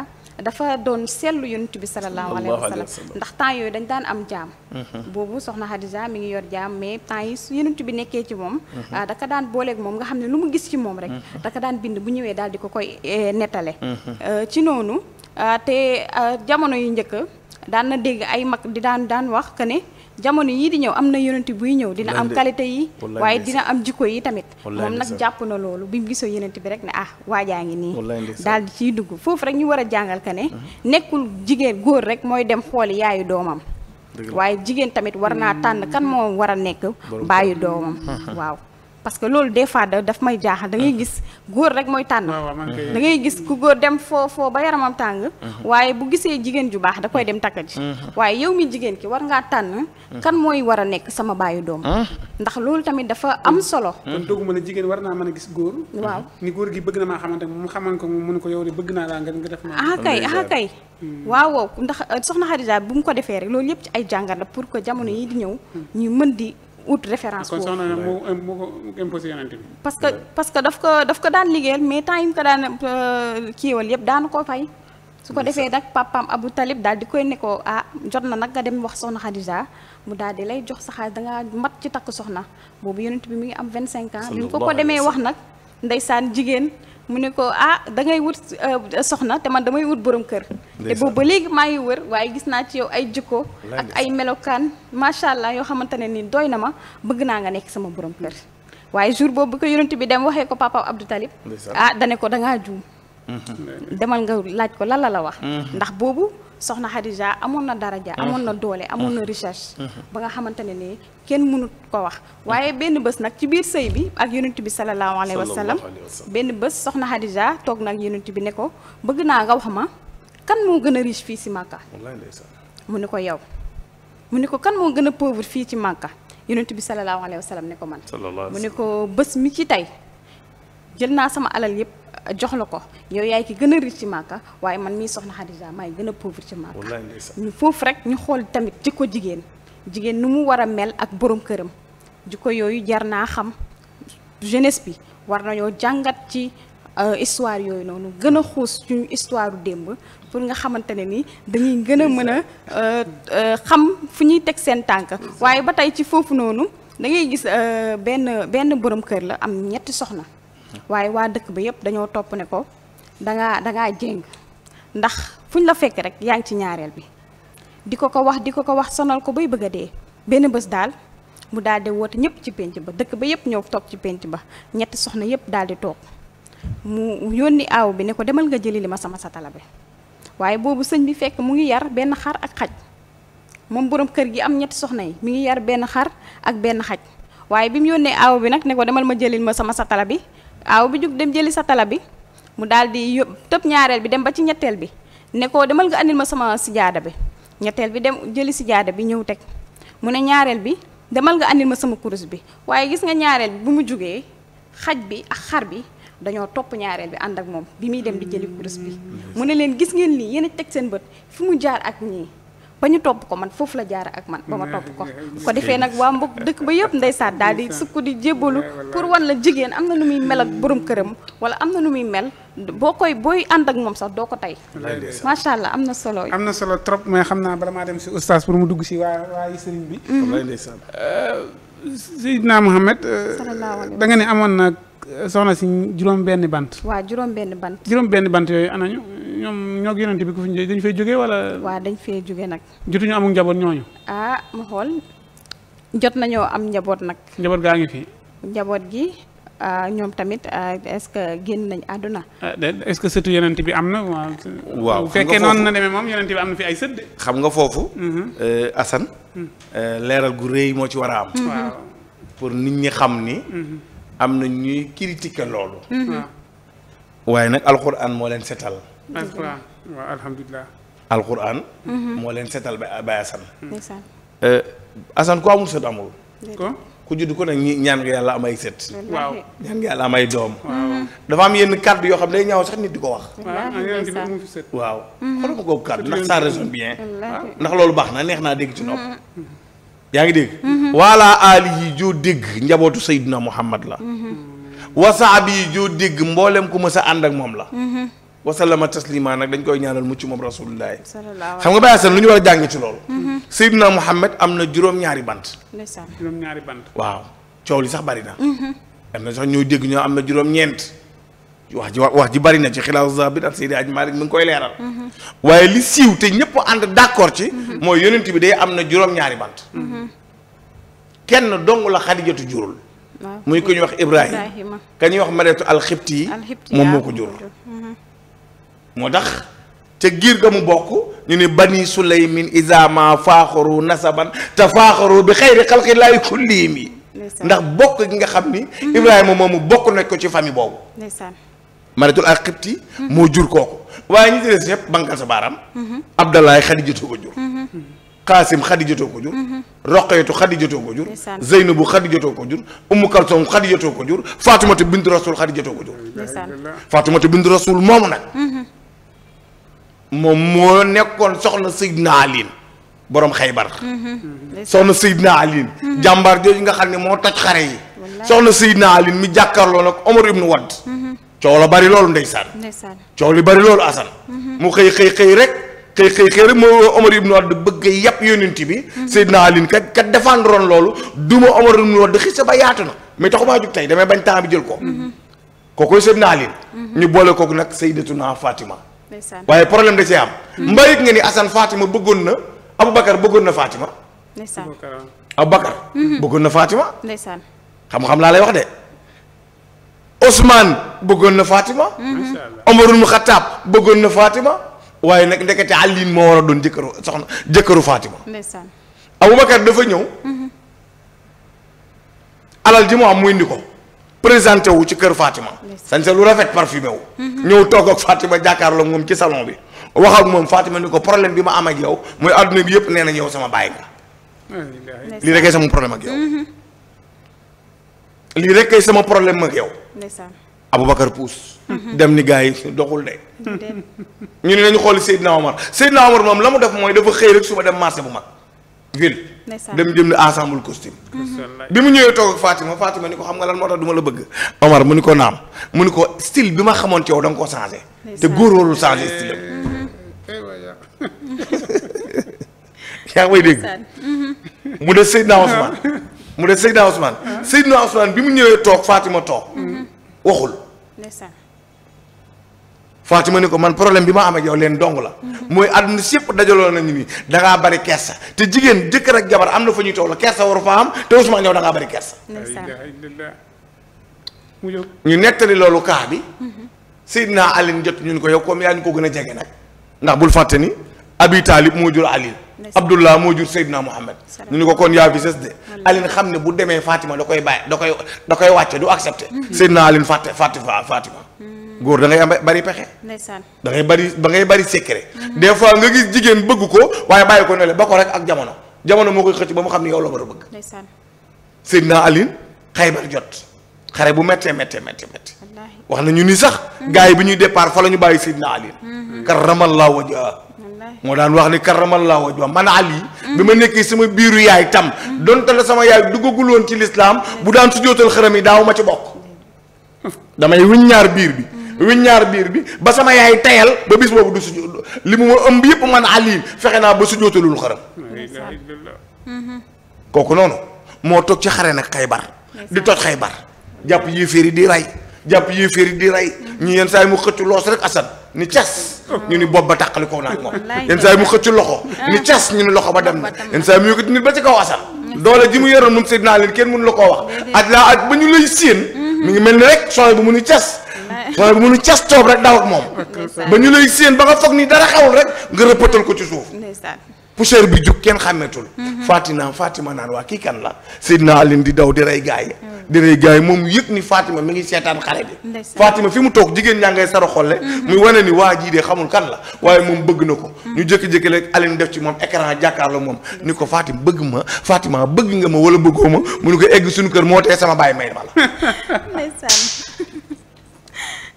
dafa doon seetlu yonent bi salallaahu alayhi wa sallam ndax temps yooyu dañ daan am jaam mhm. boobu soxna Xadija mi ngi yor jaam mais temps yi su yonent bi nekkee ci moom mhm. ah, daka daan booleeg moom nga xam ne lu mu gis ci moom rek mhm. daka daan bind bu ñëwee daal di ko koy eh, nettale euh, ci noonu ah, te ah, jamono yu njëkk daan na dégg ay mag di daan daan wax que ne jamono yii di ñëw am na yonent buy ñëw dina am qualité yi waaye dina am jikko yi tamit moom nag jàpp na loolu bi mu gisoo yonent bi rek ne ah waa jaa ngi nii daal di ciy dugg foofu rek ñu war a jàngal ka ne nekkul jigéen góor rek mooy dem xooli yaayu doomam waaye jigéen tamit war naa mmh. tànn kan moo war a nekk bàyyi doomam mmh. waaw parce que loolu des fois daf may jaaxal da gis góor rek mooy tànn ah, da ngay gis ku góor dem foo foo ba yaramam tàng waaye bu gisee jigéen ju baax da koy dem takk ji waaye yow mi jigéen ki war ngaa tànn kan mooy war a nekk sama baayu doom ah. ndax loolu tamit dafa am solo kon dooguma la jigéen war naa mën a gis góor waaw ni góor gi bëgg na maa xamante moom xaman ko mu ne ko yow bëgg naa laa nga nga def ma ah kay ah kay hmm. waaw ndax euh, soxna Xadija bu mu ko defee rek loolu yëpp ci ay jàngat la pour que jamono yi di ñëw hmm. ñu mën di ut référence boobu. kon soxna moo moo parce que parce que daf ko daf ko daan liggéeyal mais temps yi mu ko daan euh, kiiwal yëpp daanu ko fay. su ko defee nag papaam Abu Talib daal di koy ne ko ah jot na nag nga dem wax soxna Khadija mu daal di lay jox sa xaalis dangaa mat ci takk soxna boobu yonent bi mi ngi am 25 ans. bi mu ko ko demee wax nag ndeysaan jigéen. mu ne ko ah dangay wut euh, soxna te man damay wut borom kër. te boobu ba léegi maa ngi wër waaye gis naa ci yow ay jikko. ak ay melokaan macha allah yoo xamante ne ni doy na ma bëgg naa nga nekk sama borom kër. waaye jour boobu ko yonent bi dem waxee ko papa Abdou Talib. ah dane ko dangaa juum. Mm-hmm. demal nga laaj ko lan la la wax. Mm-hmm. ndax boobu. soxna Xadija amoon na daraja mm-hmm. amoon na doole amoon na mm-hmm. recherche mm-hmm. ba nga xamante ne ni kenn mënut ko wax waaye benn bés nag ci biir sëy bi ak yonent bi salallaahu alayhi wa sallam benn bés soxna Xadija toog na ak yonent bi ne bëgg naa nga wax ma kan moo gën a riche fii si Màkka ne ko yow mu ne ko kan moo gën a pauvre fii ci Màkka yonent bi salallaahu wa sallam ne ko man mu ne ko bés mi ci tey jël naa sama alal yëpp jox la ko yow yaay ki gën a riche ci màkka waaye man mii soxna Xadija maay gën a pauvre ci màkka ñu foofu rek ñu xool tamit jikko jigéen jigéen nu mu war a mel ak borom këram jikko yooyu jar naa xam jeunesse bi war nañoo jàngat ci euh, histoire yooyu noonu gën a xuus suñu histoire démb pour nga xamante ne ni dañuy gën a mën a euh, euh, xam fu ñuy teg seen tànk waaye ba tey ci foofu noonu da ngay gis benn benn borom kër la am ñetti soxna waaye waa dëkk ba yëpp dañoo topp ne ko dangaa dangaa jéng ndax fuñ la fekk rek yaa ngi ci ñaareel bi di ko ko wax di ko ko wax sonal ko bay bëgg a dee benn bés daal mu daal di woote ñëpp ci pénc ba dëkk ba yëpp ñëw toog ci pénc ba ñetti soxna yëpp daal di toog mu yónni aaw bi ne ko demal nga jëli li ma sama satala bi waaye boobu sëñ bi fekk mu ngi yar benn xar ak xaj moom borom kër gi am ñetti soxna yi mu ngi yar benn xar ak benn xaj waaye bi mu yónnee aaw bi nag ne ko demal ma jëlil ma sama satala bi aaw bi jóg dem jëli sa tala bi mu daal di tëb ñaareel bi dem ba ci ñetteel bi nekkoo demal nga andil ma sama sijaada bi ñetteel bi dem jëli sijaada bi ñëw teg mu ne ñaareel bi demal nga andil ma sama kurus bi waaye gis nga ñaareel bi bu mu jógee xaj bi ak xar bi dañoo topp ñaareel bi ànd ak moom bi muy dem di jëli kurus bi mm-hmm. mu ne leen gis ngeen lii yéen a teg seen bët fu mu jaar ak ñii ba ñu topp ko man foofu la jaara ak man ba ma topp ko mm-hmm. ko defee nag waa mbokk dëkk ba yëpp ndeysaan daal di sukk di jébalu pour wan la jigéen am na nu muy mel ak borom këram wala am na nu muy mel boo koy booy ànd ak moom sax doo ko tey macha allah am na solo am na solo trop mais xam naa bala maa dem si oustaz pour mu dugg si waa waa sëriñ bi mm-hmm. euh, Seydina Mohamed euh, da nga ne amoon na soxna si juróom benn bant waaw juróom benni bant juróom benni bant yooyu anañu ñoom ñoo yonent bi ko fi dañ fay jógee wala. waa dañ fee jógee nag. jotuñu amul njaboot ñooñu. ah ma xool jot nañoo am njaboot nag. njaboot gaa ngi fi. njaboot gi ah, ñoom tamit ah, est-ce que génn nañ àdduna. Ah, est-ce que sëtu yonent bi am na. waaw bu fekkee noonu na demee moom yonent bi am na fi ay sët de. xam nga foofu. Mhm. Eh, Assane. Hmm. Eh, leeral gu rëy moo ci war a am. Hmm. Hmm. pour nit ñi xam ni. am na ñuy critiquer loolu. waaye nag alxuraan moo leen setal. alquran waaw mhm. moo leen seetal ba Baye assan eh, Assane ku amul sët amul. ku judd ko nag ñaan nga yàlla am ay sët. waaw ñaan nga yàlla am ay doom. Mhm. dafa am yenn kàddu yoo xam ne ñaaw sax nit di ko wax. waaw mhm. xoolal ma ndax ça résonne bien. ndax loolu baax na neex naa dégg ci nopp. yaa ngi dégg. wala ali yi joo dégg njabootu Seydina Muhammad la. wasaabi yi joo dégg mboolem ku mës a ànd ak moom la. wasallama taslima nag dañ koy ñaanal mucc moom rasulullahi xam nga bàyyi lu ñu war a jàng ci loolu mhm. Seydina Muhammad am na juróom-ñaari bant ñaari bant waaw coow li sax bari na mhm. am na sax ñooy dégg ñoo am na juróom-ñeent wax ji wax ji bari na ci xilaasu bi ak Seydi Aj Malik mi ngi koy leeral mhm. waaye li siiw te ñëpp ànd d'accord ci mooy yonent bi day am na juróom-ñaari bant kenn dong la xadijatu jurul muy ku ñuy wax Ibrahima ka ñuy wax Mareetu alxibti yi moom moo ko jurul moo tax ca giir ga mu bokk ñu ne bani sulaymin isama faaxaru nasaban te faaxaru bi xayri xalqi laay kullihim yi ndax bokk gi nga xam ni mhm. ibrahima mu bokk nañ ko ci famille boobu maratul ak xibti mhm. moo jur kooku waaye ñi des ñëpp bankal sa baaram mhm. abdallahi xadijatu ko jur xaasim xadijatoo ko jur roqeetu xadijatoo ko jur zeynabu xadijatoo ko jur umu kalsom xadijatoo ko jur fatumata bintu rasul xadijatoo ko jur fatumata bintu rasul moomu nag moom moo nekkoon soxna Seydina Aline borom xaybar soxna Seydina Aline jàmbaar jooju nga xam ne moo toj xare yi soxna Seydina Aline mi jàkkaarloo nag Omar ibnu Wadd coow la bari loolu ndeysaan coow li bari loolu asan mu xëy xëy xëy rek xëy xëy xëy rek moo Omar ibnu Wadd bëgg yàpp yonent bi Seydina Aline kat kat loolu duma Omar ibnu Wadd xis ba yaatu na mais taxumaa jug tey damay bañ temps bi jël ko mhm. kookoy Seydina Aline ñu boole kooku nag Sayyidatuna Fatima waaye problème da cee am. Hmm. mbaa yëg nga ni Assane Fatima bëggoon na Aboubacar bëggoon na hmm. bëggoon na Fatima. ndeysaan xam-xam laa lay wax de. Ousmane bëggoon na Fatima. Hmm. macha allah Xataab bëggoon na Fatima. waaye nag ndekete Alioune moo war a doon jëkkëru soxna jëkkëru Fatima. ndeysaan Aboubacar dafa ñëw. alal ji mu am mu indi ko. présenté wu ci kër Fatima. sañse lu rafet parfumé wu. Mhm. ñëw toog ak Fatima jàkkaarloo moom ci salon bi wax ak moom Fatima ni ko problème bi ma am ak yow mooy adduna bi yëpp nee na yow sama bàyyi nga. lii rek sama problème ak yow. Mhm. lii rek kay sama problème ak yow. Aboubacar Pousse. Mhm. dem ni gars yi doxul de. ñu ne nañu xool Seydina Omar Seydina Omar moom la mu def mooy dafa xëy rek suba dem marché bu mag. ville dem jënd ensemble costume bi mu ñëwee toog ak Fatima Fatima ni ko xam nga lan moo tax du ma la bëgg Omar mu ni ko naam mu ni ko style bi ma xamoon ci yow da nga koo changé te góor warul changé eh, eh, mu des Seydina Ousmane mu des Seydina bi mu ñëwee toog Fatima toog mm-hmm. waxul Fatima ni ko man problème bi ma am ak yow leen dong la mooy àdduna si yëpp dajaloo nañu ni da ngaa bari kersa te jigéen jëkk rek jabar am na fa ñuy toog la kersa waru fa am te Ousmane yow da ngaa bari kersa ñu nettali loolu kaa bi Seydina Alioune jot ñun ko yow comme yaa ñu ko gën a jege nag ndax bul fàtte ni Abi Talib moo jur Alioune Abdullah moo jur Seydina Muhammad ñu ni ko kon yaa fi sës de Alioune xam ne bu demee Fatima da koy bàyyi da koy da koy wàcce du accepté Seydina Alioune fàtte fàtte Fatima hmm. góor da ngay bari pexe. ndeysaan da ngay bari ba ngay bari secret. des fois nga gis jigéen bëgg ko waaye bàyyi ko ne ba ko rek ak jamono jamono moo koy xëcc ba mu xam ni yow la war a bëgg. ndeysaan Seydina Alioune Xaybar jot xare bu mettee méttee méttee méttee. wax nañu ni sax. gars yi bi ñuy départ fa la ñu bàyyi Seydina Alioune. Mm-hmm. karamallahu wajha moo daan wax ni karamallahu wajha man yi bi ma nekkee sama biiru yaay tam. Mm-hmm. donte la sama yaay duggagul woon ci lislaam bu daan sujootal xërëm yi daaw ma ci bokk. ñaar biir bi. Mm-hmm. wiññaar biir bi ba sama yaay tayal ba bis boobu du su li mu ma ëmb yëpp man Aliou fexe naa ba su jootalul xaram kooku noonu moo toog ci xare nag xaybar di toj xaybar jàpp yéeféer yi di rey jàpp yéeféer yi di rey ñu yenn saay yi mu xëcc loos rek asan ni cas ñu ni bopp ba tàqali ko naag moom yenn saa yi mu xëcc loxo ni cas ñu ni loxo ba dem na yenn saa yi mu yëkkati nit ba ci kaw asan doole ji mu yoroon moom seet naa leen kenn mënu la koo wax aj laa aj ba ñu lay séen mi ngi mel ni rek sooy bu mu ni cas waaye bu mënu cas toob rek daw ak moom ba ñu lay séen ba nga foog ni dara xewul rek nga rëppatal ko ci suuf poussière bi jug kenn xàmmeetul mhm. Fatina Fatima naan waa kii kan la Seydina Alioune di daw di rey gaay mhm. di rey gaay moom yëg ni Fatima mi ngi seetaan xare bi Fatima fi mu toog jigéen ñaa ngay saro xolle mhm. muy wane ni waa jii de xamul kan la waaye moom bëgg na ko ñu jëkki jékki rek Alioune def ci moom écran jàkkaarloo moom ni ko Fatima bëgg ma Fatima bëgg nga ma wala bëggoo ma mu ne ko egg suñu kër moo tee sama bàyyi may ma la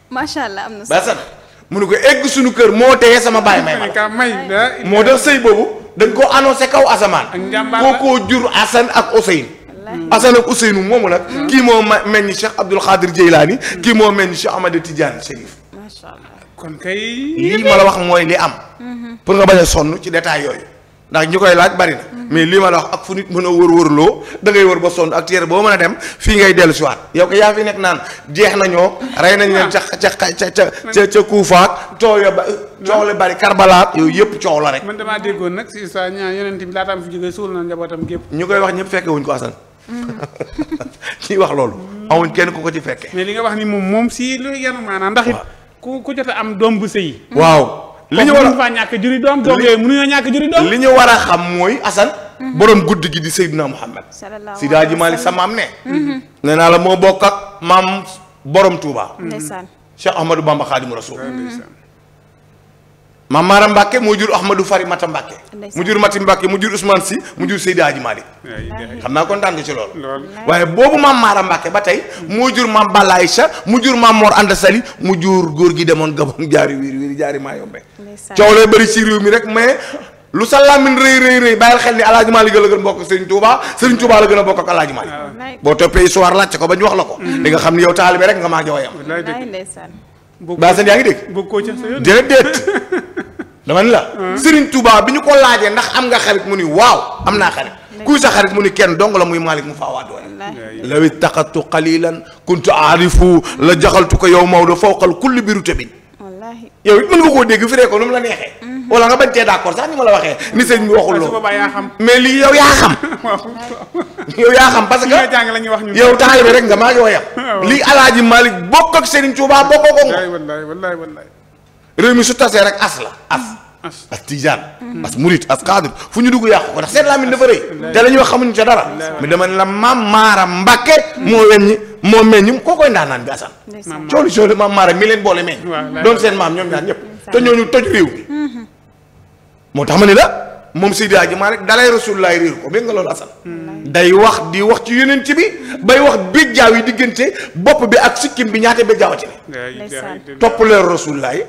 macha allah am na solo mu ko egg suñu kër moo teye sama baay may may moo tax sëy boobu dañ koo annoncé kaw asamaan koo koo jur Assane ak Ousseynou Assane ak Ousseynou moomu nag mm. kii moo ni Cheikh Abdoul Khadir Jeylaani mm. kii moo meññ Cheikh Ahmed Tidiane Chérif kon kay lii ma la wax mooy li am mm-hmm. pour nga bañ a sonn ci détail yooyu ndax ñu koy laaj bari na mais lii ma la wax ak fu nit mën a wër wër loo da ngay wër ba sonn ak téere boo mën a dem fii ngay dellu si waat yow ko yaa fi nekk naan jeex nañoo rey nañ leen ca ca ca ca ca kuufaak coow ya ba coow la bari karbalaat yooyu yëpp coow la rek man damaa déggoon nag si sa ñaan yeneen tamit laataam fi jógee suul na njabootam gépp ñu koy wax ñëpp fekke wuñ ko asan mm. ñuy wax loolu amuñ kenn ku ko ci fekke mais li nga wax ni moom moom si lu yenu maanaam ndax it ku ku jot a am doom bu sëy waaw li ñu war a faa ñàkk juri ñàkk juri doom li ñu war a xam mooy Assane mhm. borom guddi gi di Seydina Muhammad si Aji Malick sa maam ne mhm. Mhm. nee naa la moo bokk ak maam borom Touba Cheikh Ahmadou Bamba Khadimu Rasul maam Maara moo jur Ahmadou Fari Mata Mbacke mu jur Mati Mbacke mu jur Ousmane Sy mu jur Seydi Hadji Malick xam naa kontaan nga ci loolu waaye boobu maam Maara Mbacke ba tey moo jur maam Balla Aïcha mu jur maam Mor Anta mu jur góor gi demoon Gabon jaari wiiri wiiri jaari maa yombe coow lay bari si réew mi rek mais lu sa làmmiñ rëy rëy rëy xel ni alaaji Maalik la gën a bokk Serigne Touba Serigne Touba la gën a bokk ak alaaji Maalik ah. boo toppee histoire laajte ko ba ñu wax ko mm. nga xam ne yow taalibe rek nga maa joxe am baa seen yaa ngi dégg déedéet dama ni la. Serigne Touba bi ñu ko laajee ndax am nga xarit mu ni waaw am naa xarit. kuy sa xarit mu ni kenn dong la muy Malick mu faa waa doole. law ittaqattu qalilan kuntu aarifu la jaxaltu ko yow Maodo fawqal kulli biru tabin. yow it mën nga koo dégg firee ko nu mu la neexee. Mhm. wala nga bañ cee d'accord sax ni ma la waxee. ni sëñ bi waxul loolu mais lii yow yaa xam. yow yaa xam parce que yow taalibe rek nga maa ngi woyam. lii Alaaji Malick bokk ak Serigne Touba bokk ak réew mi su tasee rek as la as as tijaan mm-hmm. as murit as xaadir fu ñu dugg yàqu ko ndax seen làmmiñ dafa rëy mm-hmm. te la ñuy wax xamuñu ca dara mi mm-hmm. dama ne la maam maara mbàkke moo weññi moo meññi koo koy ndaanaan bi asan cooli cooli maam maara mi leen boole meññ doon seen maam ñoom ñaar ñëpp te ñooñu toj réew bi moo tax ma ne la moom Seydi Hadji Malick dalay Rasulullah réer ko bég nga loolu asan day wax di wax ci yonent bi bay wax béjjaaw yi diggante bopp bi ak sikkim bi ñaata béjjaaw ci ne topp leer rasulullah yi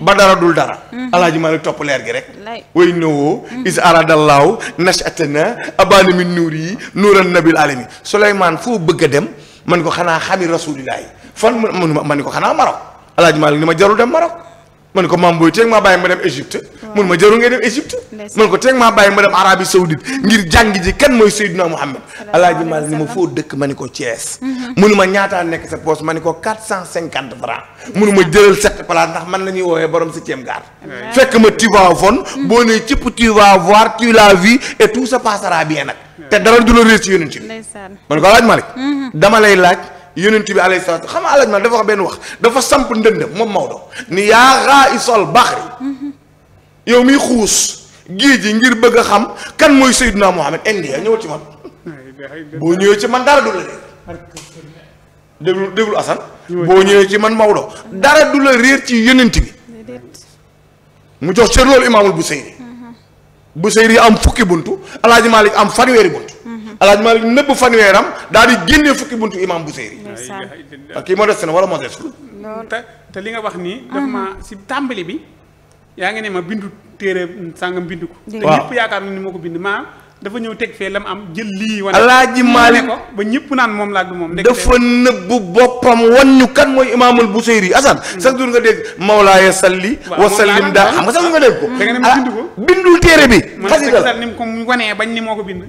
ba dara dul dara mm-hmm. alaaji malik topp leer gi rek way nëwoo mm-hmm. is aradallahu nashatana abana min nuur yi nuuran nabil alami suleymaan foo bëgg a dem man ko xanaa xami rasulullah yi fan man ma ni ko xanaa Maroc alaaji malik ni ma jarul dem Maroc man ko maam booy teeg maa bàyyi ma dem Égypte mun ma jaru ngay man ko teeg maa bàyyi ma dem Arabie Saoudite ngir jàng ji kenn mooy Seydina Mouhamed alaaji mal ni ma foo dëkk ma ni ko Thiès mhm. ma ñaataa nekk sa poos ma ni ko quatre cent cinquante francs munu ma jëlal sept place ndax man la ñuy woowee borom septième gaar fekk ma tu vas fon boo nee cëpp tu vas voir tu la vis et tout se passera bien nag te dara du la réer ci yonent bi man ko alaaj Malick mhm. dama lay laaj yonent bi alayhi salaatu xam nga alaj ma dafa wax benn wax dafa samp ndënd moom Maodo ni yaa raa isol baxri yow miy xuus géej yi ngir bëgg xam kan mooy Seydina Mohamed India ñëwal ci man boo ñëwee ci man dara du la réer déglu déglu boo ñëwee ci man Maodo dara du la réer ci yonent bi mu jox cër loolu imaamul Buseyri mm-hmm. Buseyri am fukki buntu alaaji Malik am fanweeri buntu Alaaji Maalik nëbb fanweeram daal di génnee fukki buntu imam Buseyri parce que modeste na wala modeste te te li nga wax nii daf ma si tàmbali bi yaa ngi ne ma bindu téere sàngam bindu ko te yaakaar na ni moo ko bind maa dafa ñëw teg fee lam am jël lii wane alaaji Maalik ko ba ñëpp naan moom laaj bi moom dafa nëbb boppam wan kan mooy imaamul Buseyri Assane hmm. sax dur nga dégg Mawlaaya salli wa sallim daa xam nga sax nga dégg ko da nga ne ah, bind ko bindul bi xasida ni mu ko wanee bañ ni moo ko bind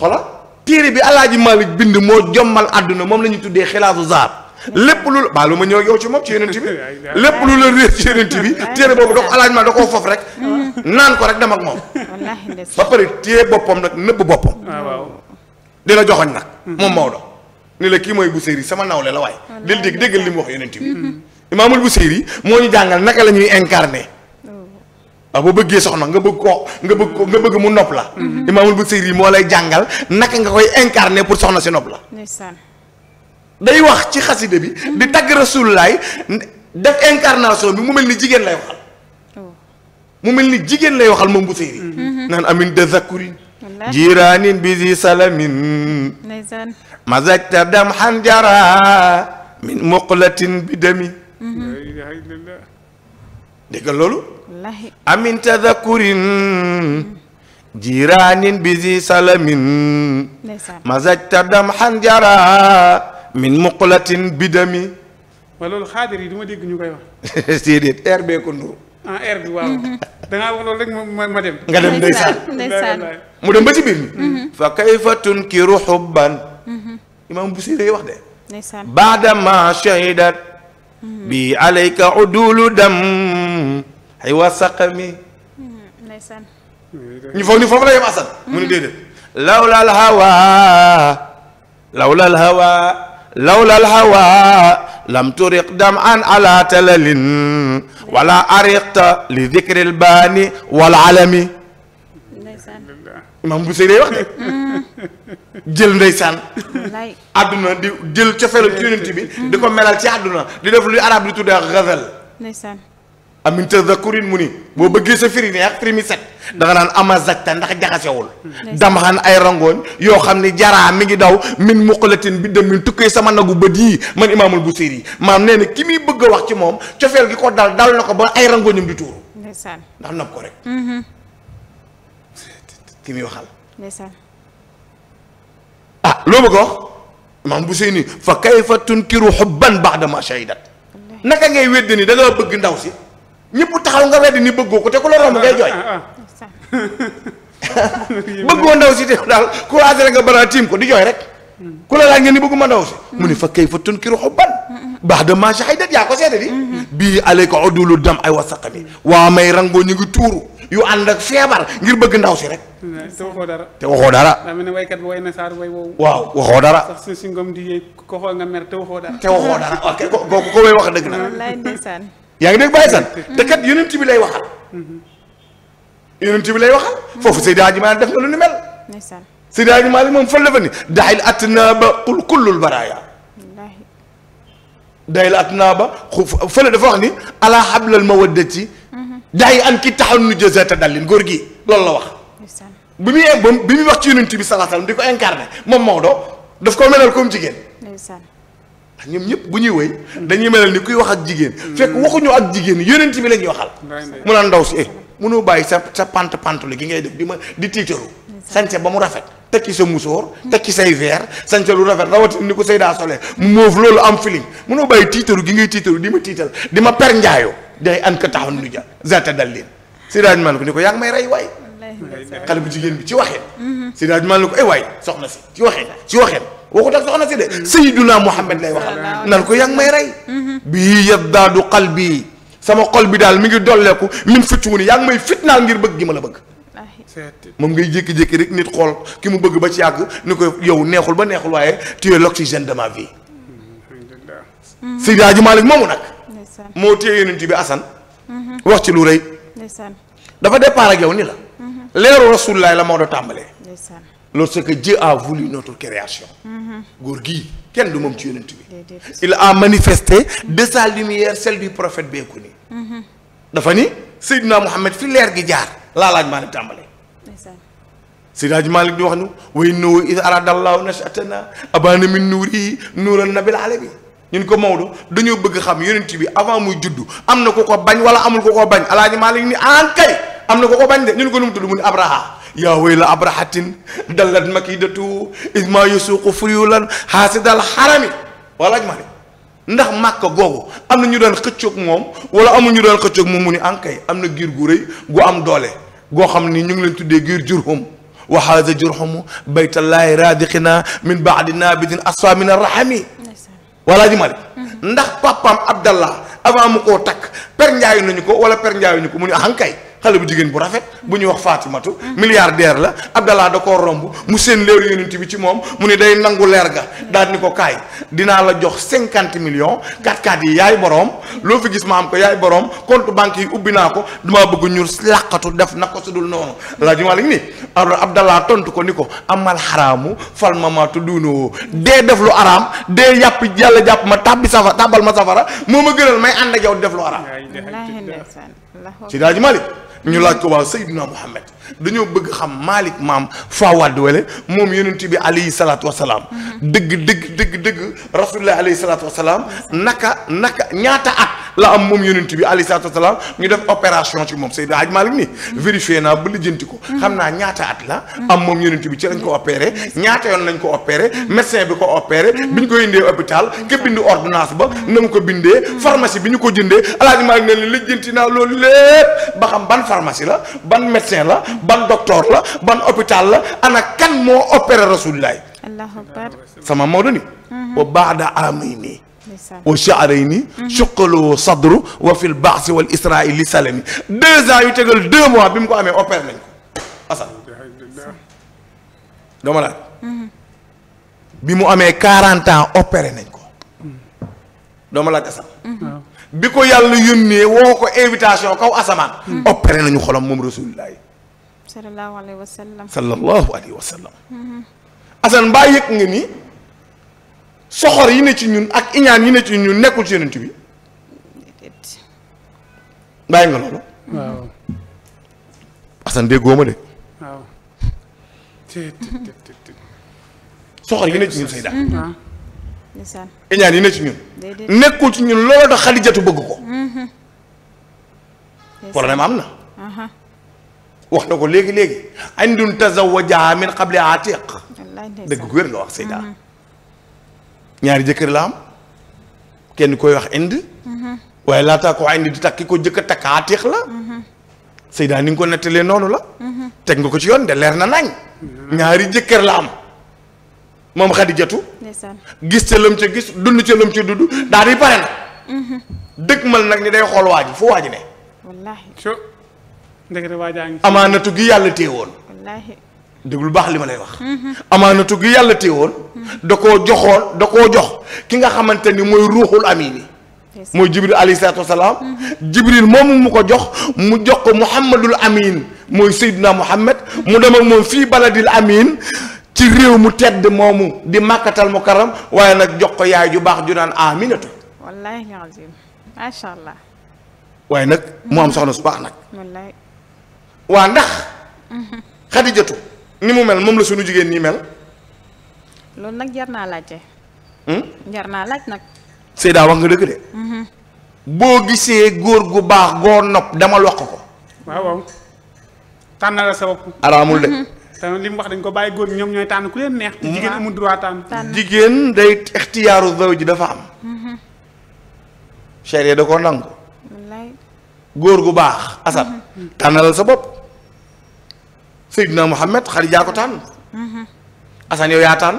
xola téere bi alaaji Malick bind moo jommal àdduna moom la ñuy tuddee xilaasu zaar lépp lu baa lu ma ñëw yow ci moom ci yeneen bi lépp lu la réer ci yeneen bi téere boobu da ko alaaji Malick da koo fof rek naan ko rek dem ak moom ba pare téye boppam nag nëbb boppam ah, di la joxoñ nag moom Maodo ni la kii mooy bu Busiri sama nawle la waaye del dégg déggal li mu wax yeneen bi mm-hmm. imaamul Busiri moo ñu jàngal naka la ñuy incarné waaw bëggee soxna nga bëgg koo nga bëgg koo nga bëgg mu nopp la. Mhm. imaamul Busiri moo lay jàngal naka nga koy incarné pour soxna si nopp la. day wax ci xasida bi. di tagg Rasulullaay def incarnation bi mu mel ni jigéen lay waxal. Oh. mu mel ni jigéen lay waxal moom Busiri. Mhm. Mhm. naan amin de zakurin. jiraanin bi si salamin. mazajta dam xanjara min muqlatin bi dégg loolu amin tadhakurin jiraanin bisi salamin mazaj tadam xanjara min muqlatin bidami ma loolu xaadir yi du ma dégg ñu koy wax déedéet air bee ko ndur ah air bi waaw da wax loolu rek ma dem nga dem ndeysaan dem ba ci biir mhm. fa kayfa tunkiru xubban mhm. baadama shahidat Mm-hmm. bi alayka udulu dam ay wa saqami mm-hmm. ñu foog ni foofu la yem asan mu ni mm-hmm. déedéet lawlal hawa lawlal hawa lawlal hawa lam turiq dam an ala talalin wala ariqta li dikril baani wal alami imaam bu sey day wax de jël ndeysaan. àdduna di jël cofeelam ci yonent bi. di ko melal ci àdduna di def lu arab di tuddee gazel. ndeysaan. amin tadhakurin mu ni boo bëggee sa firi neex mi set da nga naan amazakta ndax jaxasewul dama xam ay rangooñ yoo xam ne jaraa mi ngi daw min muqalatin bi dem min tukkee sama nagu bët yii man imaamul Busiri yi maam nee na ki muy bëgg a wax ci moom cofeel gi ko dal dal na ko ba ay rangooñam di tuuru ndax nopp ko rek mm-hmm. ki muy waxal ah loo bëgg a wax maam bu sey nii fa kayfa tunkiru xubban ba'da ma shahidat naka ngay wedd ni da bëgg ndaw si ñëpp taxaw nga wedd ni bëggoo ko te ku la romb ngay jooy ah, ah, ah. bëggoo ndaw si te daal croisé nga bara tiim ko di jooy rek ku la laa ngeen ni bëgguma ndaw si mu ni fa kayfa tunkiru xubban ba'da ma shahidat yaa ko seede di bii alayka udulu dam ay wasaqami waa may rangoo ñu ngi tuuru yu ànd ak feebar ngir bëgg ndaw si rek te waxoo dara. te waxoo dara. daa mel ne waykat bi way na saar way woowu. waaw waxoo dara. sax su si ngom di yee ko xool nga mer te waxoo dara. te waxoo dara waaw kay ko ko way wax dëgg na. wallaay ndeysaan. yaa ngi dégg bàyyi san te kat yonent bi lay waxal. Mhm. yonent bi lay waxal. foofu Seydi Hadji Malick def na lu ni mel. ndeysaan Seydi Hadji Malick moom fan la fa ni daxil atnaaba qul kullul baraaya. daxil atnaaba xu fële dafa wax ni ala hablal mawaddati. Mhm. daxi an ki taxaw nu jëzata dallin góor gi loolu la wax. bi muy egg bi muy wax ci yonent bi sallallahu alayhi wasallam di ko incarné moom Maodo daf koo melal comme jigéen. ndeysaan. ndax ñoom ñëpp bu ñuy wëy dañuy melal ni kuy wax ak jigéen. fekk waxuñu ak jigéen yonent bi la ñuy waxal. mu a ndaw si eh mënoo bàyyi sa sa pant pantul gi ngay def di ma di tiitaru. sañse ba mu rafet tekki sa musóor ci say verre sañse lu rafet rawatina ni ko Seyda Sole mu moof loolu am feeling mënoo bàyyi tiitaru gi ngay tiitaru di ma tiital di ma per njaayoo day an ka taxaw nu ja zata dal leen Seyda Malick ni ko yaa ngi may rey xale bu jigéen bi ci waxee. si daal maa ne ko ay eh waay soxna si ci waxee ci waxee waxut ak soxna si de mhm. Sayyiduna Muhammad lay waxal. nan ko yaa ngi may rey. Mhm. bii yaddaadu bi sama xol bi daal mi ngi dolleeku min fitwuni yaa ngi may fitnaal ngir bëgg gi ma la bëgg. moom ngay jékki-jékki rek nit xool ki mu bëgg ba ci yàgg ni ko yow neexul ba neexul waaye tu es l'oxygène de ma vie. Mhm. Seydi Hadji Malick moomu nag. moo téye yonent bi Assane. wax ci lu rëy. dafa départ yow ni leeru rasulilah la Maodo tàmbalee. lorsque Dieu a voulu notre création. Mhm. góor gii kenn du moom ci yonent bi. il a manifesté de sa lumière celle du prophète beeku nii. Mhm. dafa ni Seydina Mohamed fi leer gi jaar laa laaj maa ne tàmbalee. Seydi Malick di wax nu way nuur is aradallahu nashatana abana min nuuri nuural nabil alamin ñun ko Maodo dañoo bëgg xam yonent bi avant muy juddu am na ku ko bañ wala amul ku ko bañ Alaaji Malick ni aan am na ko ko bañ de ñu ko nu mu tudd mu ne abraha yaa wéy la abrahatin dallat makidatu isma yusuqu fuyulan xaasidal xarami wala ma ne ndax màkka googu am na ñu doon xëccoog moom wala amul ñu doon xëccoog moom mu ni ankay am na giir gu rëy am doole goo xam ni ñu ngi leen tuddee giir jurhum wa haada jurhum baytallaahi raadiqina min baadi naabidin asfa min arrahami wala ji ma ne ndax papaam abdallah avant mu ko takk per njaayu nañu ko wala per njaayu ñu ko mu ni ankay xale bu jigéen bu rafet bu ñuy wax Fatimatu milliardaire la Abdallah da koo romb mu seen leeru yonent bi ci moom mu ne day nangu leer ga daal ni ko kaay dinaa la jox cinquante millions kat kat yi yaay boroom loo fi gis ma am ko yaay boroom compte banque yi ubbi naa ko dama bëgg ñu làqatu def na ko su dul noonu laa ji maa lig Abdallah tontu ko ni ko amal xaraamu fal ma ma tudduunoo dee def lu araam dee yàpp yàlla jàpp ma tàbbi safara tàbbal ma ci daaji Malick ñu laaj ko waaw Seydina Muhammad dañoo bëgg xam Malick maam Fawad wele moom yonent bi alayhi salaatu wasalaam mhm. dëgg dëgg dëgg dëgg rasulullah alayhi salaatu wasalaam naka naka ñaata at la am moom yonent bi alayhi salaatu wa salaam ñu def opération ci moom Seydou Hadj Malick nii vérifié naa ba lijjanti ko mm. xam naa ñaata at la am moom yonent bi ci lañ ko opere ñaata yoon lañ ko opéré mm. médecin bi ko opéré mm. bi ñu ko indee hôpital ke bind ordonnance ba na mu ko bindee pharmacie bi ñu ko jëndee Alaaji Malick ne lijjanti naa loolu lépp ba xam ban pharmacie la ban médecin la ban doctor la ban hôpital la ana kan moo opéré Rasulullah sama Maodo ni mm-hmm. wa baada amay nii wa shahrayni mhm. suqaloo sadru wa fil baasi wal israa li salami deux ans yu tegal deux mois bi mu ko amee opéré nañ ko asan dama laaj mhm. bi mu amee quarante ans opéré nañ ko mhm. dama laaj asan ah. bi ko yàlla yónnee woo ko invitation kaw asamaan opéré nañu xolam moom rasulullah yi sallallahu alayhi wa sallam sallallahu alayhi wa mbaa yëg nga ni soxor yi ne ci ñun ak iñaan yi ne ci ñun nekkul ci yonent bi bàyyi nga loolu waaw asan déggoo ma yi ne ci ñun mm-hmm. say daal iñaan yi ne ci ñun nekkul ci ñun loolu tax xalijatu bëgg ko mm-hmm. problème am na uh-huh. wax na ko léegi léegi andun tazawajaha min qabli atiq dëgg ko wér nga wax sayda mm-hmm. ñaari jëkkër la am kenn koy wax indi mm-hmm. waaye laataa ko ind di takk ki ko jëkk a takk la mm-hmm. Seydaa ni nga ko nettalee noonu la mm-hmm. teg nga ko ci yoon de leer na nañ ñaari jëkkër la am moom Xadijatu gis ca lëm ca gis dund ca lëm ca dund daal di pare na dëkk mal nag ni day xool waa ji fu waa ji ne amaanatu gi yàlla téewoon wallaahi lu baax li ma lay wax. amaanatu gi yàlla téewoon. da koo joxoon da koo jox ki nga xamante ni mooy ruuxul amiin yi. mooy jibril alayhi salaatu wasalaam jibril moomu mu ko jox mu jox ko muhammadul amin mooy seyduna muhammad mu dem ak moom fii baladil amin ci réew mu tedd moomu di màkkatal mu karam waaye nag jox ko yaay ju baax ju naan waaye nag mu am soxna su baax nag waa ndax mhm. xadijatu ni mu mel moom la sunu jigéen ñi mel. loolu nag jar naa laajte. Hmm? jar naa laaj nag. Seyda wax nga dëgg de. Mm-hmm. boo gisee góor gu baax goo nopp dama wax ko. waaw sa bopp. araamul de. Mm-hmm. te li mu wax dañ ko bàyyi góor ñoom ñooy tànn ku leen neex. jigéen amul droit tànn. jigéen day ixtiyaaru zaw ji dafa am. charia mm-hmm. da ko nangu. góor gu baax Assane. tànnalal sa bopp. Seydina Mouhamed Xadija ko tànn. Assane yow yaa tànn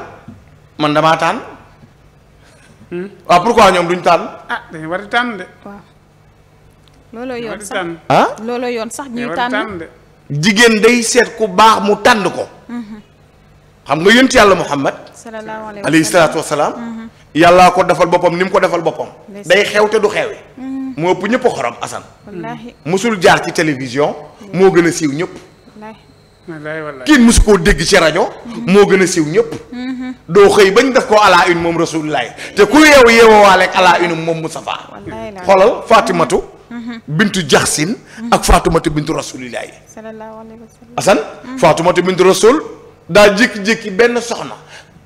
man damaa tànn. waaw hmm? ah, pourquoi ñoom duñ tànn. Ah, a tànn ah? yoon sax jigéen day seet ku baax mu tànn ko. Hmm. xam nga yonent yàlla Muhammad. sallallahu alayhi wa salaatu wa salaam. Hmm. yàllaa ko defal boppam ni mu ko defal boppam. day xew te du xewi. moo ëpp ñëpp xorom Assane. musul jaar ci télévision. moo gën a siiw ñëpp. kii mosu koo dégg ci rajo mm-hmm. moo gën a siiw ñëpp mm-hmm. doo xëy bañ def ko ala une moom rasulilaay te ku yeewu yeewaaleeg ala une moom Mustafa xoolal Fatimatu mm-hmm. bintu jaxsin ak Fatimatu bintu rasulilaay asan Fatimatu bintu rasul daal jékki-jékki benn soxna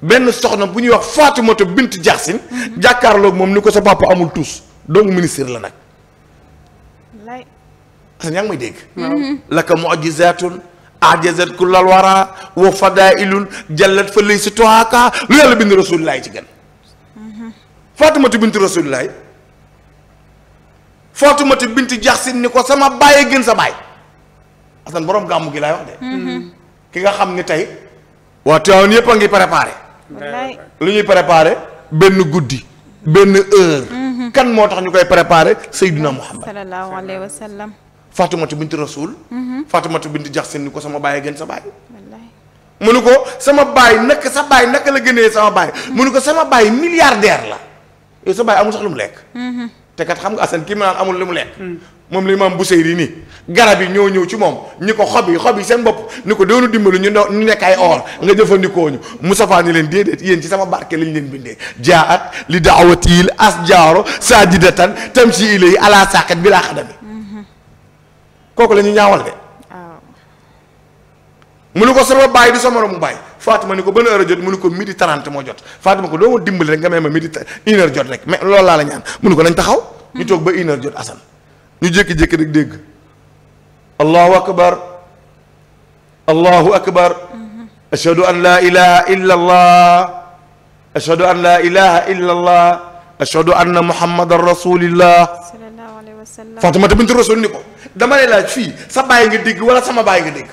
benn soxna bu ñuy wax Fatimatu bintu jaxsin jàkkaarloog moom ni ko sa papa amul tous doomu ministre la nag asan yaa ngi may dégg laka mu'jizatun ajazat kullal wara wa fadailun jallat fa lay si toaka lu yàlla bind rasulilaay ci gën fatumati binti rasulilaay fatumati binti jaxsin ni ko sama bàyyee gën sa baay asan borom gàmmu gi laay wax de mm-hmm. ki nga xam ni tey waa Tiwaawan yëpp a ngi préparé lu ñuy préparé benn guddi benn heure mm-hmm. kan moo tax ñu koy préparé Seydina Muhammad sallallahu alayhi wa sallam Fatumata binti Rasul. Mhm. Fatumata binti Jaxsin ni ko sama baay gën sa baay. mu ne ko sama baay naka sa baay naka la gënee sama baay. mu ne ko sama baay milliardaire la yow sa baay amul sax lu mu lekk. Mhm. te kat xam nga Assane kii ma naan amul lu mu lekk. Mm. moom la imaam li nii garab yi ñoo ñëw ci moom ñi ko xob yi xob yi seen bopp ni ko doonu dimbali ñu ñu nekk ay or nga jëfandikoo ñu Moustapha ni leen déedéet yéen ci sama barke lañ leen bindee jaat li daawatiil asjaaro saajidatan tamshi ilayhi ala saqat bi laa xadami kooku la ñu ñaawal de. munu ko sama bàyyi du sama moromu bàyyi Fatima ni ko ban heure jot munu ko midi 30 moo jot Fatima ko doo ma dimbali rek nga may ma midi une heure jot rek mais loolu laa la ñaan munu ko nañ taxaw. ñu toog ba une heure jot Assane. ñu jékki-jékki rek dégg. allahu akbar allahu akbar. ashhadu an laa ilaha illa allah an muhammadan rasulillah Fatimata bintu Rasul ni ko dama lay laaj fii sa baay nga dégg wala sama baay nga dégg.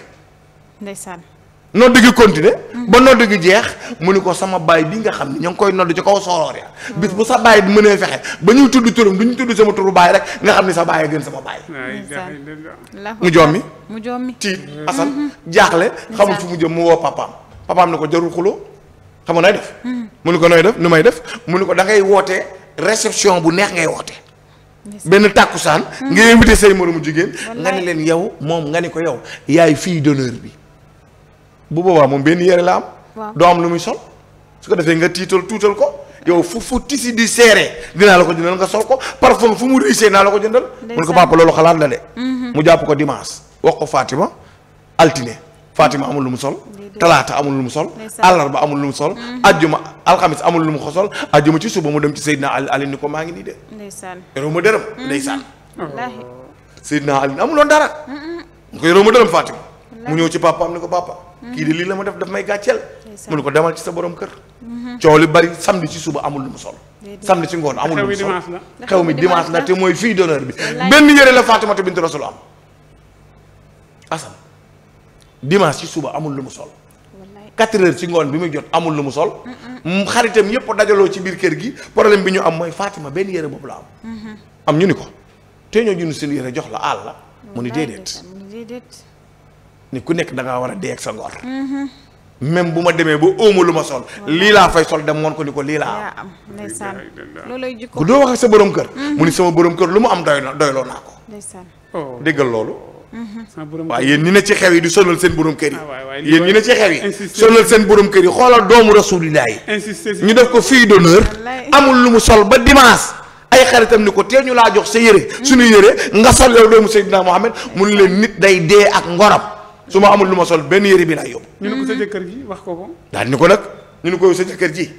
ndeysaan. nodd gi continué. ba nodd gi jeex mu ni ko sama baay bii nga xam ne ñoo ngi koy nodd ci kaw soroor ya mm. bis bu sa baay bi mënee fexe ba ñuy tudd turam du ñu tudd sama turu baay rek nga xam ne sa baay gën sama baay. mu jommi mu jommi tiit asan mm-hmm. jaaxle xamul fu mu jëm mu woo papaam papaam ni ko jarul xuloo xam nga nooy def. Mm. mu ni ko nooy def nu may def mu ni ko da ngay wootee réception bu neex ngay wootee. benn tàkkusaan hmm. nga invité say moromu jigéen nga ne leen yow moom nga ne ko yow yaay fille d'honneur bi bu boobaa moom benn yére la am doo am lu muy sol su ko defee nga tiital tuutal ko yow fu fu tisi di seeree dinaa la ko jëndal nga sol ko parfum fu mu riisee naa la ko jëndal mun ko papa loolu xalaat la de mm-hmm. mu jàpp ko dimaas wax ko Fatima altine Fatima amul lu mu sol talaata amul lu mu sol àllarba amul lu mu sol mm-hmm. ajjuma alxamis amul lu mu ko sol ajjuma ci suba mu dem ci Seydina Ali Ali ni ko maa ngi nii de yoroo ma dërëm mm-hmm. ndeysaan Seydina Ali amuloon dara mu ko yoroo ma dërëm Fatima mu ñëw ci papaam ni ko papa mm-hmm. kii de lii la ma def daf may gàcceel mu ne ko demal ci sa borom kër coow li bari samedi ci suba amul lu mu sol samedi ci ngoon amul lu mu sol xew mi dimanche na te mooy fii d'honneur bi benn yëre la Fatima te bintu Rasul am asam dimanche ci suba amul lu mu sol. quatre heures ci ngoon bi muy jot amul lu mu sol. Mm, xaritam yëpp dajaloo ci biir kër gi problème bi ñu am mooy Fatima benn yére boobu la am. Mm-hmm. am ñu ni ko te ñoo jund seen yére jox la àll la mu ni déedéet. ni ku nekk da ngaa war a dee sa ngor. Mm-hmm. même bu ma demee ba óoma lu ma sol. lii laa fay sol dem woon ko ni ko lii laa am. ndeysaan loolay jikko doo wax ak sa borom kër. Mm-hmm. mu ni sama borom kër lu mu am doy na doyloo naa ko. Oh. déggal loolu. Mm-hmm. waaw yéen ñi ne ci xew yi di sonal seen borom kër yi ah, yéen ñi ne ci xew yi sonal seen borom kër yi xoolal doomu rasulillah yi ñu def ko fille d'honneur amul lu mu sol ba dimanche ay xaritam ni ko tee ñu laa jox sa yére mm-hmm. suñu yére nga sol yow doomu Seydina Mohamed mun ne leen nit day dee ak ngoram su ma amul lu ma sol benn yére bi laay yóbbu ñu ne ko wax ko ko daal ni ko nag ñu ne ko sa jëkkër ji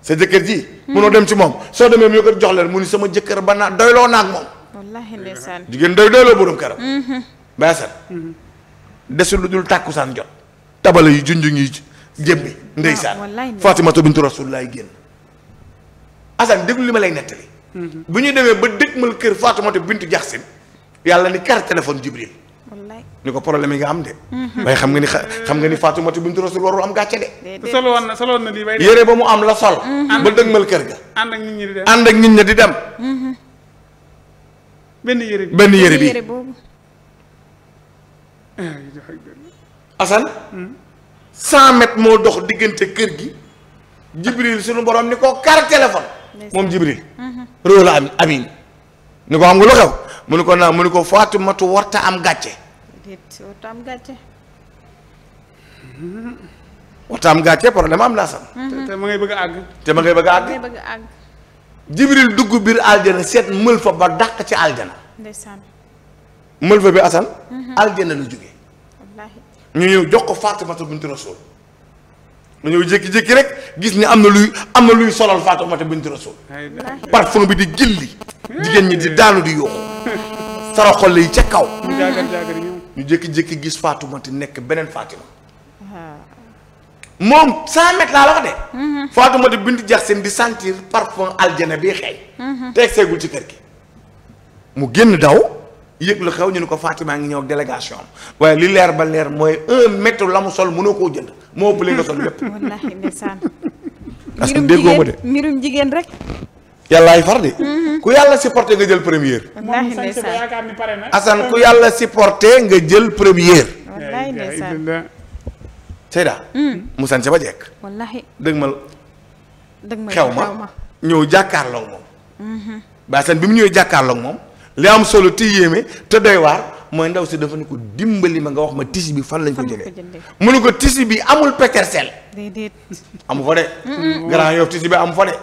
sa jëkkër ji mm-hmm. munoo dem ci moom soo demee mu ko jox leen mu ni sama jëkkër ba naa doyloo naag moom wallaahi ndeysaan jigéen doy day loo borom këram. baasal. desul lu dul saan jot. tabala yi junjung yi jëmmi. Ah, ndeysaan Fatimatu bintu Rasulillaay génn. Assane déglu li ma lay nettali. Mhm. bu ñu demee ba dëgmal kër Fatimatu bintu Jaxsin yàlla ni kar téléphone Jibril. wallaay ni ko problème yi nga am de. Mhm. waaye xam nga ni xam nga ni Fatimatu bintu Rasul warul am gàcce de. soloon na soloon na lii bay yére ba mu am la sol. Mhm. ba dëgmal kër ga. ànd ak nit ñi di nit ñi di dem. benn yére bi benn yére bi asan ah, hmm? cent mètres moo dox diggante kër gi jibril suñu borom ni ko kar téléphone moom jibril mhm. róola am amin ni ko xam nga lu xew mu ni ko naa mu ni ko Faatumatu warta am gàcce warta am gàcce hmm. warta am gàcce problème mhm. te ma ngay bëgg àgg te ma ngay bëgg àgg jibril dugg biir aljana seet mël fa ba dàq ci aljana mël fa bi asan mhm. aljana la jóge ñu ñëw jox ko Faatimata bintu Rasuul dañoo jékki-jékki rek gis ni am na luy am na luy solal Faatimata bintu Rasuul parfum bi di gilli jigéen ñi di daanu di yooxu saraxol lay ca kaw ñu jékki-jékki gis Faatimata nekk beneen Faatima moom 100 mètres laa la ko de. bind Bintu Jaxsin di sentir parfum aljana bi xëy. Mhm. teg seegul ci kër gi. mu génn daw yëg lu xew ñu ne ko Fatima ngi ñëw ak waaye li leer ba leer mooy un mètre la mu sol mënoo koo jënd moo ëpp li nga sol lépp. wallaahi ndeysaan. parce que ma de mbirum rek. yàllaay far de. Mhm. ku yàlla si supporté nga jël première. wallaahi ndeysaan Assane ku yàlla supporté nga jël première. wallaahi ndeysaan. Seyda. mu hmm. sànce ba jekk. wallaahi dëgg ma. dëgg ma xew ma ñëw jàkkaarloog moom. Mhm. bi mu ñëwee jàkkaarloog moom. li am solo te yéeme te doy waar mooy ndaw si dafa ne ko dimbali ma nga wax ma tisi bi fan lañ ko jëlee. mu ne ko tisi bi amul Petersen. déedéet. amu fa de. Grand Yoff tisi bi amu fa de.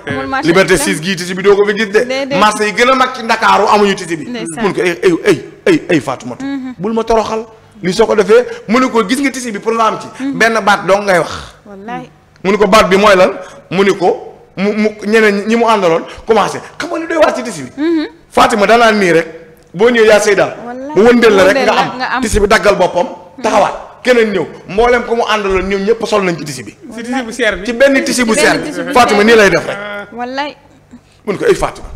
Liberté 6 gii tisi bi doo ko fi gis de. marché yi gën a mag ci Ndakaaru amuñu tisi bi. mun ko ay ay ay ay Fatoumata bul ma toroxal. li soo ko defee mu ne ko gis nga tisi bi pour nga am ci. Mm-hmm. benn baat dong ngay wax. wallaay mu ne ko baat bi mooy lan mu ne ko mu mu ñeneen ñi mu àndaloon commencé xam nga li doy waar ci tisi bi. Mm-hmm. Fatima danaa nii rek boo ñëwee yaa Seyda. mu wëndeel la rek nga am tisi bi daggal boppam mm-hmm. taxawaat. keneen ñëw mboolem ko mu àndaloon ñoom ñëpp sol nañ ci tisi bi. ci tisi seer bi ci benn tisi bu seer bi. Fatima nii lay def rek. wallaay. mun ko ay Fatima.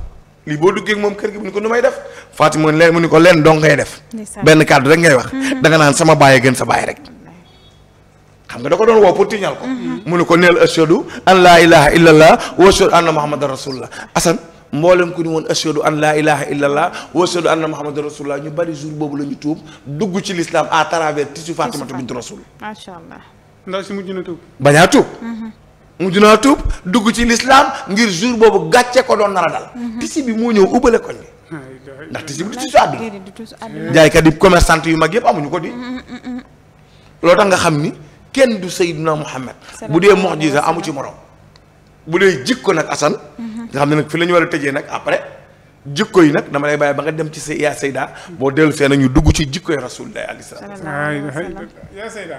lii boo duggee moom kër gi mu ni ko nu may def Fatima leen mu ni ko leen dong ngay def. benn kàddu rek ngay wax. Mm-hmm. danga naan sama baay gën ko doon woo pour tiñal ko. Mm-hmm. mu ni ko neel ashadu an laa ilaha illallah wa ashadu anna muhammadan rasulullah ku ni woon ashadu an laa ilaha illallah wa ashadu anna muhammadan rasulullah ñu bari jour boobu la ñu dugg ci l'islam à travers tissu Fatimatu bintu rasul. macha allah. ndax si mujj na tuub. bañ tuub. Mm-hmm. mujj naa tuub dugg ci lislaam ngir jour boobu gàcce ko doon nara a dal. Mhm. tisi bi moo ñëw ubbale koñ bi. Ah, ndax tisi bi du tisu àdduna. jaaykat yi commerçant yu mag yëpp amuñu ko di. Mhm, mhm, loo tax nga xam ni kenn du Seydina Muhammad bu dee mu'jiza amu ci morom. bu dee jikko nag Asan nga xam ne nag fi lañu war a tëjee nag après. ko yi nag dama lay bàyyi ba nga dem ci sa yaa Seyda boo dellu fee nag ñu dugg ci jikko yi Rasulullah alayhi salaam. yaa Seyda.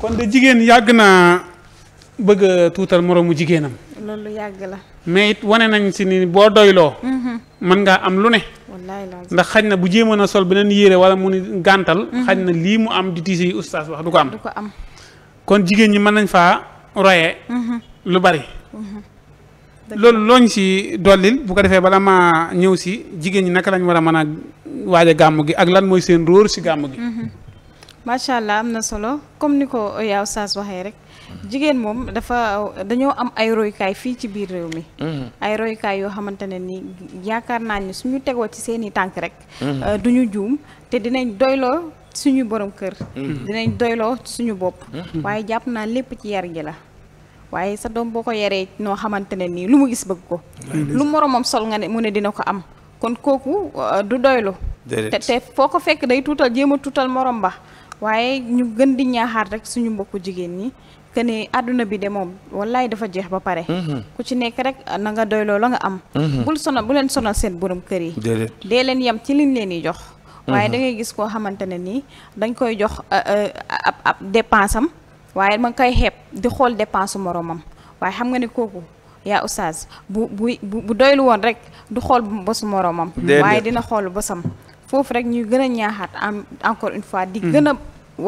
kon de jigéen yàgg naa. bëgg a tuutal moroomu jigéenam. loolu yàgg la. mais it wane nañ si ni boo doyloo. Mhm. mën ngaa am lu ne. ndax xaj na bu jéemoon a sol beneen yére wala mu ni gàntal. Mhm. xaj na lii mu am di tiisi ustaas wax du ko am. du ko am kon jigéen ñi mën nañ faa roye. Mhm. lu bari. loolu looñ si dollil bu ko defee bala ma ñëw si jigéen ñi naka lañ war a mën a waaja gàmm gi ak lan mooy seen róor si gàmm gi. macha allah am na solo comme ni ko yaa ustaas waxee rek. jigéen moom dafa dañoo am ay royukaay fii ci biir réew mi. Mm-hmm. ay royukaay yoo xamante ne ni yaakaar naa ni suñu tegoo ci seen i tànk rek. Mm-hmm. Euh, duñu juum te dinañ doyloo suñu borom kër. Mm-hmm. dinañ doyloo suñu bopp. waaye jàpp naa lépp ci yar gi la. waaye sa doom boo ko yaree noo xamante ne nii lu mu gis bëgg ko. lu moromam sol nga ne mu ne dina ko am. kon kooku euh, du doylu. te te foo ko fekk day tuutal jéem a tuutal morom ba. waaye ñu gën di ñaaxaar rek suñu mbokku jigéen ñi que ni àdduna bi de moom wallaay dafa jeex ba pare. Mm-hmm. ku ci nekk rek nanga nga loo la nga am. Mm-hmm. bul sonal bu leen sonal seen borom kër yi. déedéet dee leen yem ci liñ leen di jox. waaye mm-hmm. da ngay gis koo xamante ne nii dañ koy jox euh, euh, ab ab dépense am waaye ma koy xeeb di xool dépense moromam waaye xam nga ne kooku. yaa oustaz bu bu bu doylu woon rek du xool bosu moroomam waaye dina xool bosam foofu rek ñuy gën ñaaxaat am encore une fois di gën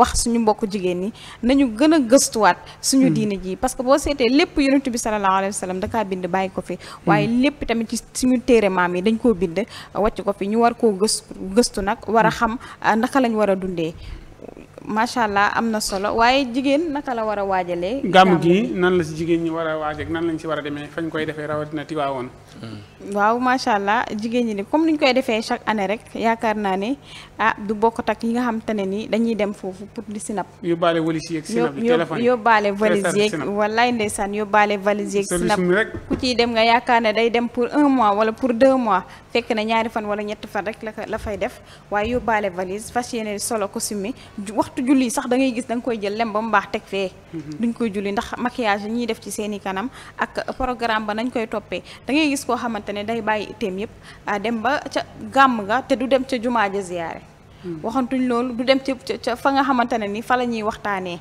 wax suñu mbokk jigéen ñi nañu gën a gëstuwaat suñu hmm. diine jii parce que boo seetee lépp yonent bi sallallahu alayhi wa sallam dakaa bind bàyyi ko fi hmm. waaye lépp tamit ci suñu téere maam yi dañ koo bind wàcc ko fi ñu war koo gëstu gëstu nag war a hmm. xam ah, naka lañu war a dundee macha allah am na solo waaye jigéen naka la war a waajalee gàmm gi nan la si jigéen ñi war a waaj nan lañ si war a demee fañ koy defee rawatina Tiwaawoon waaw macha allah jigéen ñi ni comme ni ñu koy defee chaque année rek yaakaar naa ne ah du bokkut ak yi nga xam te ne ni dañuy dem foofu pour di sinap. yóbbaale valise yeeg sinap yi téléphone yi yóbbaale valise yeeg wallaay ndeysaan yóbbaale valise yeeg sinap ku ciy dem nga yaakaar ne day dem pour un mois wala pour deux mois fekk na ñaari fan wala ñetti fan rek la la fay def waaye yóbbaale valise fas yéene solo costume yi waxtu julli sax da ngay gis da koy jël lem ba mu baax teg fee. Mm-hmm. duñ koy julli ndax maquillage yi ñuy def ci seen i kanam ak programme ba nañ koy toppee da ngay gis koo xamante ne day bàyyi itteem yëpp ah, dem ba ca gàmm ga te du dem ca jumaa ja ziyaare hmm. waxantuñ loolu du dem ca ca fa nga xamante ne ni fa la ñuy waxtaanee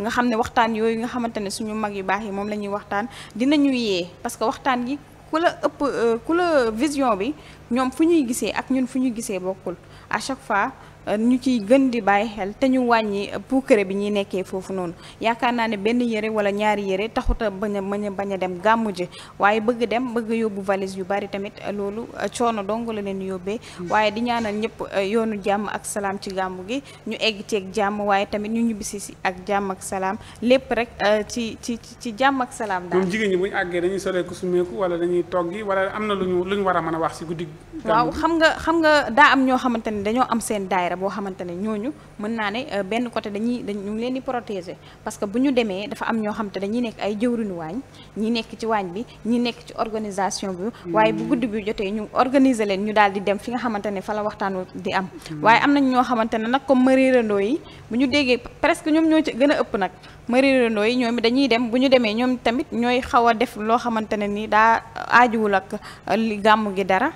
nga xam ne waxtaan yooyu nga xamante ne suñu mag yu baax yi moom la ñuy waxtaan dinañu yee parce que waxtaan gi ku la ëpp euh, ku la vision bi ñoom fu ñuy gisee ak ñun fu ñuy gisee bokkul à chaque fois ñu ciy gën di bàyyi xel te ñu wàññi puukare bi ñuy nekkee foofu noonu yaakaar naa ne benn yére wala ñaari yére taxuta bañ a bañ a bañ a dem gàmmu ji waaye bëgg dem bëgg yóbbu valise yu bari tamit loolu coono dong la leen yóbbee waaye di ñaanal ñëpp eh, yoonu jàmm ak salaam ci gàmmu gi ñu egg ceeg ak jàmm waaye tamit ñu ñibbisi si ak jàmm ak salaam lépp rek eh, ci ci ci jàmm ak salaam daal moom jigéen ñi bu ñu àggee dañuy solee ko sumeeku wala dañuy toggi wala am na lu ñu lu ñu war a mën a wax si guddi waaw xam nga dañoo am seen boo xamante ne ñooñu mën naa ne euh, benn côté dañuy dañ ñu leen di protéger parce que bu ñu demee dafa am ñoo xam te dañuy nekk ay jëwriñu waañ ñi nekk ci waañ bi ñi nekk ci organisation bi hmm. waaye bu guddi bi jotee ñu organiser leen ñu daal di dem fi nga xamante ne fa la waxtaan di am hmm. waaye am nañ ñoo xamante ne nag comme mariirandoo yi bu ñu déggee presque ñoom ñoo ci gën a ëpp nag mariirandoo yi ñoom dañuy dem bu ñu demee ñoom tamit ñooy xaw a def loo xamante ne ni daa aajuwul ak euh, li gàmm gi dara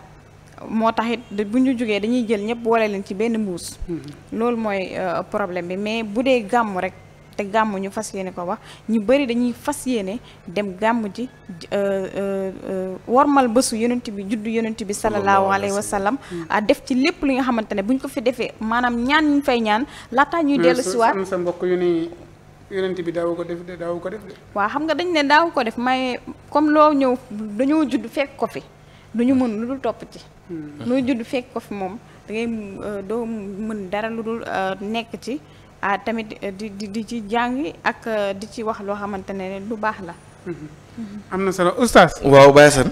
moo taxit bu ñu jógee dañuy jël ñëpp boole leen ci benn mbuus. Mm-hmm. loolu mooy euh, problème bi mais bu dee gàmm rek te gàmm ñu fas yéene ko wax ñu bëri dañuy fas yéene dem gàmmu ji war euh, euh, wormal bésu yonent bi juddu yonent bi salallaahu alayhi wa sallam mm-hmm. def ci lépp li nga xamante ne bu ñu ko fi defee maanaam ñaan ñu fay ñaan laataa ñuy dellu si waat mm-hmm. sa mbokk yu ni bi daawu ko def de daawu ko def de. xam nga dañ ne daawu ko def may comme loo ñëw dañoo juddu fekk ko fi lu ñu mën lu dul topp ci Hmm. noo juddu fekk ko fi moom da ngay euh, doo mën dara lu dul euh, nekk ci ah tamit euh, di di ci jàng ak di ci wax loo xamante ne lu baax la. Hmm. Hmm. am na solo oustaz. waaw Baye Sane.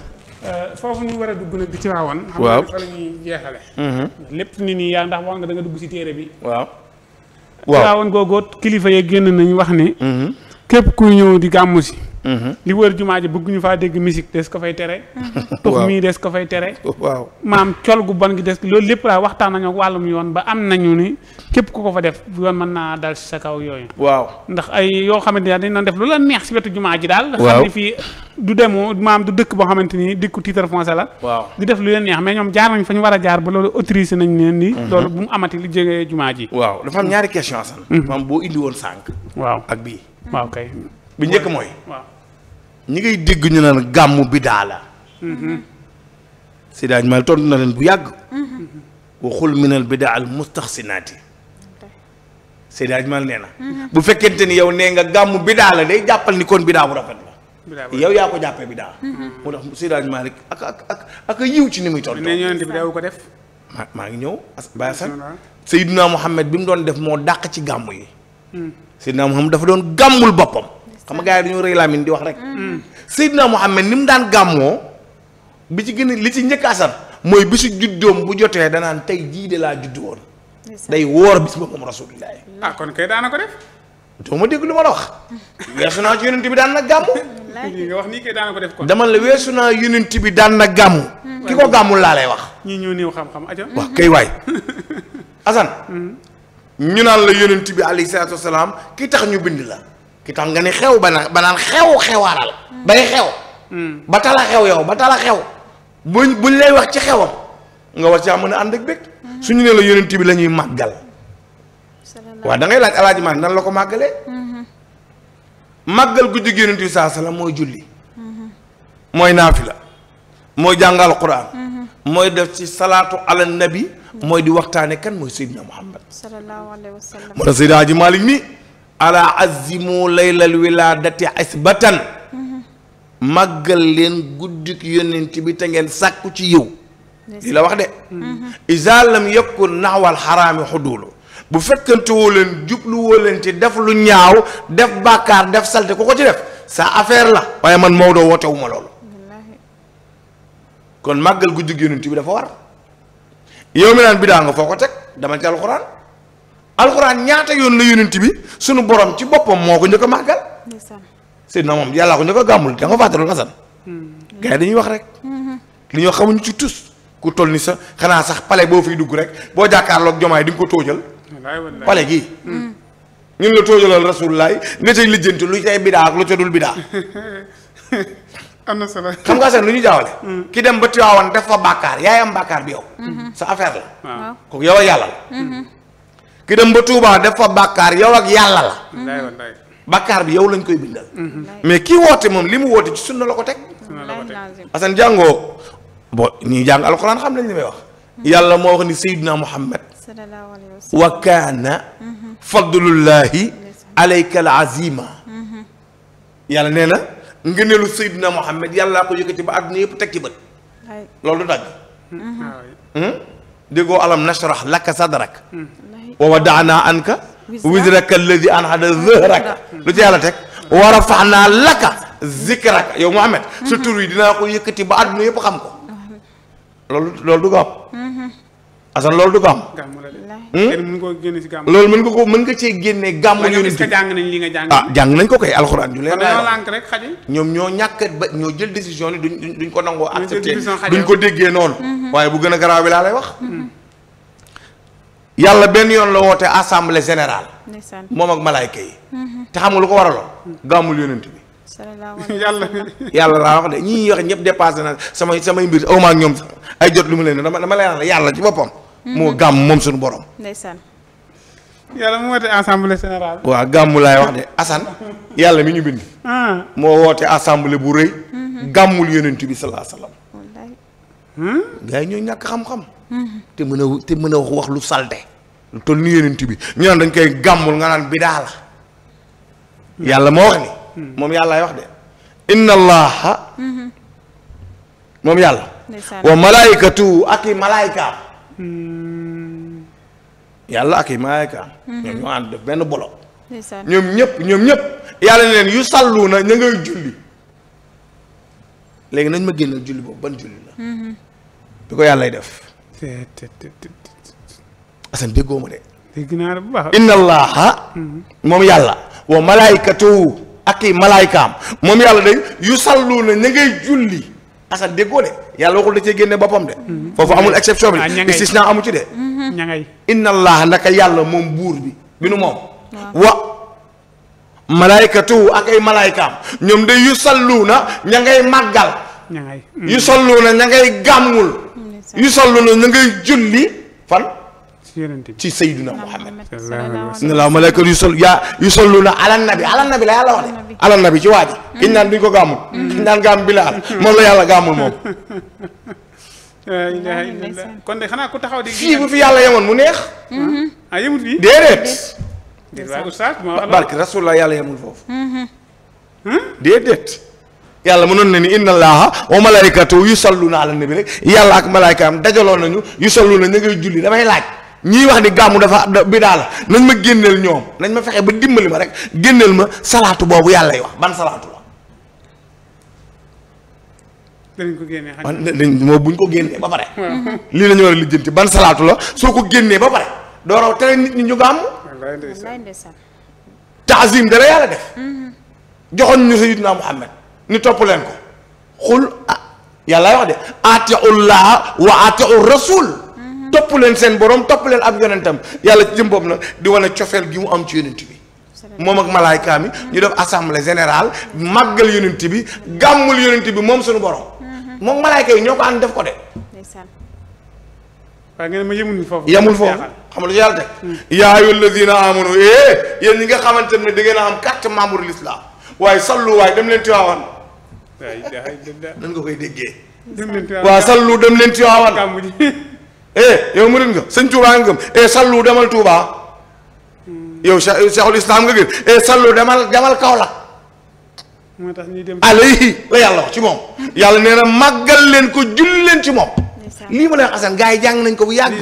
foofu ñu war a dugg nag di ci waawoon. waaw xam lépp ni nii yaa ndax wax nga da nga dugg ci téere bi. waaw. waaw waawoon googu kilifa yee génn nañu wax ni. képp ku ñëw di gàmmu si. Mhm. li wër jumaa ji bëgguñu faa dégg musique des ko fay tere tux mhm. mii des ko fay tere maam col gu bon gi des loolu lépp laa waxtaan nañu wàllum yoon ba am nañu ni képp ku ko fa def yoon man naa dal si sa kaw yooyu waaw ndax ay yoo xamante ne dañ doon def lu la neex si wetu jumaa ji daal xam ni fii du demo maam du dëkk boo xamante ni dëkku titre foncier la waaw di def lu leen neex mais ñoom jaar nañ fa ñu war a jaar ba loolu autorisé nañ leen ni mhm. loolu bu mu amati li jege jumaa ji waaw dafa am ñaari question sax maam boo indi woon sànq waaw ak bii waaw kay bi njëkk mooy ñu ngay dégg ñu naan gàmmu bidaa la Seydi Hadj tontu na leen bu yàgg waxul minal bidaa al mustaxsinaati Seydi Hadj Malick nee na bu fekkente ni yow nee nga gàmmu bidaa la day jàppal ni kon bidaa bu rafet la yow yaa ko jàppee bidaa moo tax Seydi Hadj Malick ak ak ak ak yiw ci ni muy tontu ko def maa maa ngi ñëw Baye Assane Seydina Mouhamed bi mu doon def moo dàq ci gàmmu yi hmm. Seydina Mouhamed dafa doon gàmmul boppam xam nga gars yi dañoo rëy di wax rek. Mm. Seydina Mohamed ni mu daan gàmmoo bi ci gën a li ci njëkk asan mooy bisu juddoom bu jotee danaa tey jii de laa judd woon. day woor bis boobu moom rasulullah. Mm. ah kon kay daana ko def. doo ma dégg lu ma la wax. weesu naa ci bi daan na gàmm. li nga ko def kon. dama la weesu naa yonent bi daan nag gàmm. Mm. ki ko gàmmul laa lay wax. ñi ñoo néew xam-xam wax kay waay Assane. ñu naan la yonent bi alayhi salaatu wasalaam ki tax ñu bind la. ki tax nga ne xew ba na naan xew xewaaral bay xew hmm. ba tala xew yow ba tala xew buñ buñ lay wax ci xewam nga war ci mën a ànd ak bég hmm. suñu ne la yonent bi lañuy màggal waaw da ngay laaj alaaji maalik nan la ko màggale hmm. màggal guddi gi yonent bi saa salaam mooy julli mooy naafila mooy jàngal quraan mooy def ci salaatu ala nabi mooy di waxtaane kan mooy seydina muhammad moo tax seydi alaaji maalik ala azimu laylal wilaadati isbatan màggal leen guddik yónnent bi te ngeen sàkku ci yiw li la wax de mm-hmm. isa lam naxwal xaraami xuduulu bu fekkante woo leen jubluwoo leen ci def lu ñaaw def bàkkaar def salte ku ko ci def sa affaire la waaye man Maodo wootewuma loolu kon màggal guddik yónnent bi dafa war yow mi naan bidaa nga foo ko teg dama ci alxuraan alxuraan ñaata yoon la yonent bi sunu boroom ci boppam moo ko njëkk a màggal. sëñ na moom yàllaa ko njëkk a gàmmul da nga fàttali woon Assane. Hmm. gars yi dañuy wax rek. Hmm. li ñoo xamuñu ci tus. ku toll ni sa xanaa sax pale boo fiy dugg rek boo jàkkaarloog jomaay di nga ko tóojal. pale gii. Hmm. ñun la tóojalal rasulilah nga cay lijjanti lu cay bidaa ak lu ca dul bidaa. na solo xam nga seen lu ñu jaawale. ki dem ba Tiwaawan def fa bàkkaar yaay am bàkkaar bi yow. sa affaire la. waaw kooku yow a yàlla la. ki dem ba Touba def fa bàkkaar yow ak yàlla la. bàkkaar bi yow lañ koy bindal. mais kii woote moom li mu woote ci sunna la ko teg. asan jàngoo bo ñuy jàng alxuraan xam nañ li may wax. yàlla moo wax ni Seydina Muhammad. wa kaana. Mhm. fadlullahi alayka al azima. Mhm. yàlla nee na ngëneelu Seydina Muhammad yàlla ko yëkkati ba àdduna yëpp teg ci bët. loolu du dagg. Mhm. Hmm? déggoo alam nashrah laka sadrak wa wadaanaa anka wizraka alladi anhada zahraka lu ci yàlla teg naa lakka laka zikraka yow Muhammad sa tur yi dinaa ko yëkkati ba àdduna yëpp xam ko loolu loolu du ko am asan loolu du hmm? ko am loolu mën nga ko mën nga cee génne gàmmu yonent bi ah jàng nañ ko koy alxuraan ju leen ñoom ñoo ñàkk ba ñoo jël décision ni duñ duñ ko nangoo accepté duñ ko déggee noonu mhm. waaye bu gën a garaaw bi laa lay wax mhm. yàlla benn yoon la woote assemblée générale. moom ak malaayka yi. Mhm. te xam nga lu ko waraloon. gàmmul yonent bi. yàlla yàlla laa wax de ñii wax ñëpp dépassé na samay samay mbir aw ma ak ay jot lu leen dama dama lay wax yàlla ci boppam. Mhm. moo gàmm moom suñu borom. ndeysaan. yàlla mu woote assemblée générale. wax de yàlla mi ñu bind. Ah. moo woote assemblée bu rëy. Mhm. gàmmul yonent bi salaa hmm? ñàkk xam-xam. te mën a te mën a wax wax lu salte lu toll ni yonent bi ñu naan dañ koy gàmmul nga naan bidaa la yàlla moo wax ni moom yàllaay wax de inna yàlla wa malaykatu ak i malaykaam yàlla ak i malaykaam mhm. ñoom ñoo ànd def benn bolo ñoom ñëpp ñoom ñëpp yàlla ne leen yu sàllu na ña julli léegi nañ ma génnal julli boobu ban julli la mhm. bi ko yàllay def te te te déggoo ma de. dégg naa la bu baax. inna allaha moom yàlla. wa malaykatu ak i malaykaam moom yàlla de yu sallu na ña ngay julli. asan déggoo de yàlla waxul da cee génne boppam de. Mm-hmm. foofu amul ah, exception bi. Ah, istisna amu ci de. Mm-hmm. ña ngay inna allaha naka yàlla moom buur bi bi nu moom. wa. malaykatu ak ay malaykaam ñoom de yu sallu na ña ngay màggal. yu sallu na ña ngay gàmmul. Mm-hmm. yu sallu na na ngay julli fan ci sayyiduna Muhammad ne la malaaka yu sol yaa yu sollu na ala nabi ala nabi la yàlla wax de ala nabi ci waa mm. kiñ naan duñ ko gàmmul mm. kiñ naan gàmm bilaal moom la yàlla gàmmul moom kon ku taxaw di fii bu fi yàlla yemoon mu neex mm-hmm. ah yemut fii déedéet déedéet barke yàlla yemul foofu mm-hmm. déedéet yàlla mënoon na ni inna allaha wa malaykatu yusalluna ala nabi rek yàlla ak malaykaam dajaloo nañu yusalluna ñu ngay julli damay laaj ñiy wax ni gàmmu dafa bi daal nañ ma génneel ñoom nañ ma fexe ba dimbali ma rek génneel ma salaatu boobu yàlla yi wax ban salaatu la. danañ ko génnee buñ ko génnee ba pare. lii la ñu war a lijjanti ban salaatu la soo ko génnee ba pare dooroo tere nit ñi ñu gàmmu. wallaay ndeysaan taazim yàlla def. Mm-hmm. joxoon ñu sayyidina Muhammad ni topp leen ko xul ah yàlla wax de atiullah wa atiur rasul mhm. topp leen seen borom topp leen ab yonentam yàlla ci jëm boobu nag di wane cofeel gi mu am ci yonent bi moom ak malaaykaam mhm. yi ñu def assemblée générale màggal yonent bi gàmmul yonent bi moom suñu borom mhm. moom malaayka yi ñoo ko ànd def ko de waaye ngeen ma yemul foofu yemul foofu xam lu yàlla de hmm. yaa ayyuhal lazina amanu eh yéen ñi nga xamante ne da ngeen a am carte membre l'islam waaye sallu waaye dem leen tiwaawan nan ko koy déggee. dem leen dem leen Tiwaawan. eh yow murit nga sëñ Touba nga gëm eh demal Touba. Hmm. yow Cheikhul Islam nga gëm eh sallu demal demal Kaolack. moo tax ñuy dem la yàlla wax ci moom. yàlla nee na màggal leen ko julli leen ci moom. lii ma lay wax Assane yi jàng nañ ko bu yàgg.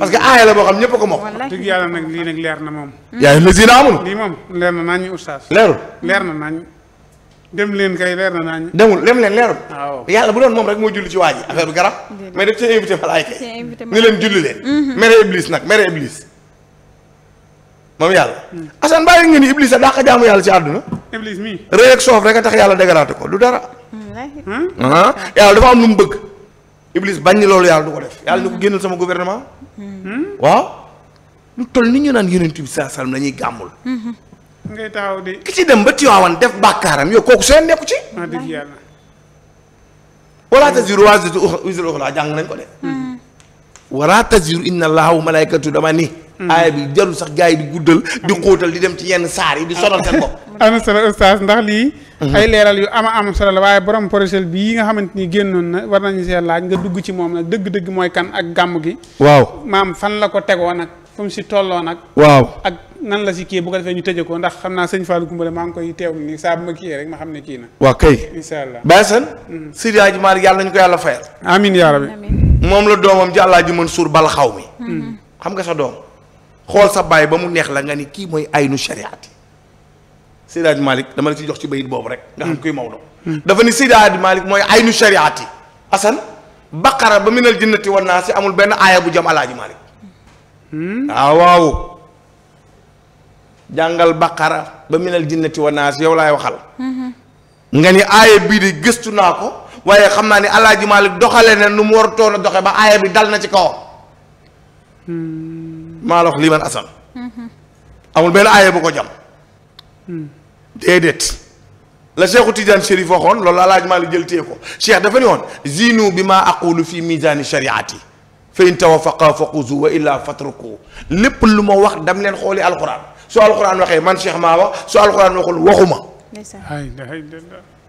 parce que aaya la boo xam ñëpp a ko moom. dëgg yàlla nag lii nag leer na moom. yaa ngi lezina amul. lii leer na nañu oustaz. leerul na dem leen kay leer na demul dem leen leerul. yàlla bu doon moom rek moo julli ci waa ji affaire bi garab. mais daf cee invité malaayka yi ni leen julli leen. Mhm. mere iblis nag mere iblis. moom yàlla. Hmm. Assane bàyyi ngeen ni iblis a dàq jaamu yàlla ci àdduna. iblis mii soof rek a tax yàlla dégaraate ko du dara. Hmm? Ah, yàlla dafa am lu mu bëgg. iblis bañ ni loolu yàlla du ko def yàlla ni ko hmm. génnal sama gouvernement. waaw lu toll ni ñu naan yonent bi saa sallam la ñuy gàmmul. ngay taxaw di. ki ci dem ba Tiwaawan def bàkkaaram yow kooku seen nekku ci. ah dëgg yàlla. wala taziru waaziratun wizra uxraa jàng nañ ko hmm. dama ni. Hmm. aaya bi jarul sax gars yi di guddal. di xóotal di dem ci yenn saar yi di sonal seen bopp. am na solo ndax lii. Hmm. ay leeral yu ama am solo la waaye borom projet bii nga xamante ni génnoon na war nañu seen laaj nga dugg ci moom nag dëgg-dëgg mooy kan ak gàmm gi. waaw maam fan la ko tegoo nag fu si tolloo nag. waaw nan la si kii bu ko defee ñu tëjee ko ndax xam naa sëñ Fallou Koumba maa ngi koy teewlu nii saa bu ma kii rek ma xam ne kii na. waaw kay. incha allah Baye Sane. Mm-hmm. Seydi Hadji Malick yàlla nañu ko yàlla fayal. amiin yaa rabbi. moom la doomam ji Alaaji Mansour Bal xaw mi. Mm-hmm. xam nga sa doom. xool sa baay ba mu neex la nga ni kii mooy aynu shariati. Seydi Hadji Malick dama la ci jox ci bayit boobu rek. nga xam mm-hmm. kuy Maodo. dafa ni Seydi Hadji Malick mooy aynu shariati. Assane baqara ba minal jinnati wan naasi amul benn aaya bu jëm Alaaji Malick. Ah, waaw waaw. jàngal baqara ba minal jinnati wa naas yow laay waxal nga ni aaya bii de gëstu naa ko waaye xam naa ni alaaji Maalik doxale na nu mu war toon a doxe ba aaya bi dal na ci kaw maa la wax lii man asan amul benn aaya bu ko jam déedéet la Cheikhu Tidiane Chérif waxoon loolu alaaji Maalik jël ko cheikh dafa ni woon zinu bi maa aqulu fi misaani shariati fa in fa xuzu wa illaa fatruku lépp lu ma wax dam leen xooli alquran su alxuraan waxee man Cheikh maa wax su alxuraan waxul waxuma.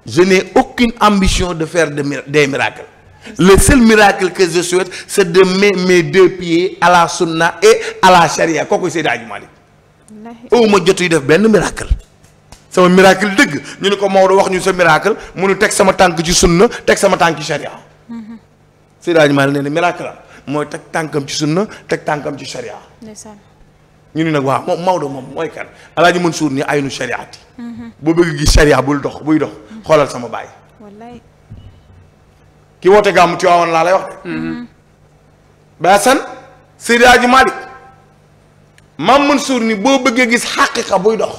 je n'ai aucune ambition de faire des miracles. le seul miracle que je souhaite c'est de mettre mes deux pieds à la sunna et à la charia kooku Seydi Hadji Malick ma jot yu def benn miracle sama miracle dëgg ñu ne ko Maodo wax ñu sa miracle mu nu teg sama tànk ci sunna teg sama tànk ci charia mm-hmm. Seydi Hadji Malick nee na miracle am mooy teg tànkam ci sunna teg tànkam ci charia ñu ni nag waaw moom Maodo moom mooy kan alaaji Mansour ni aynu shariati boo bëgg gis sharia bul dox buy dox xoolal sama baay wallaay ki woote gàmmu Tiwaawan laa lay wax de baasan Seydi Aji Malick maam Mansour ni boo bëggee gis xaqiqa buy dox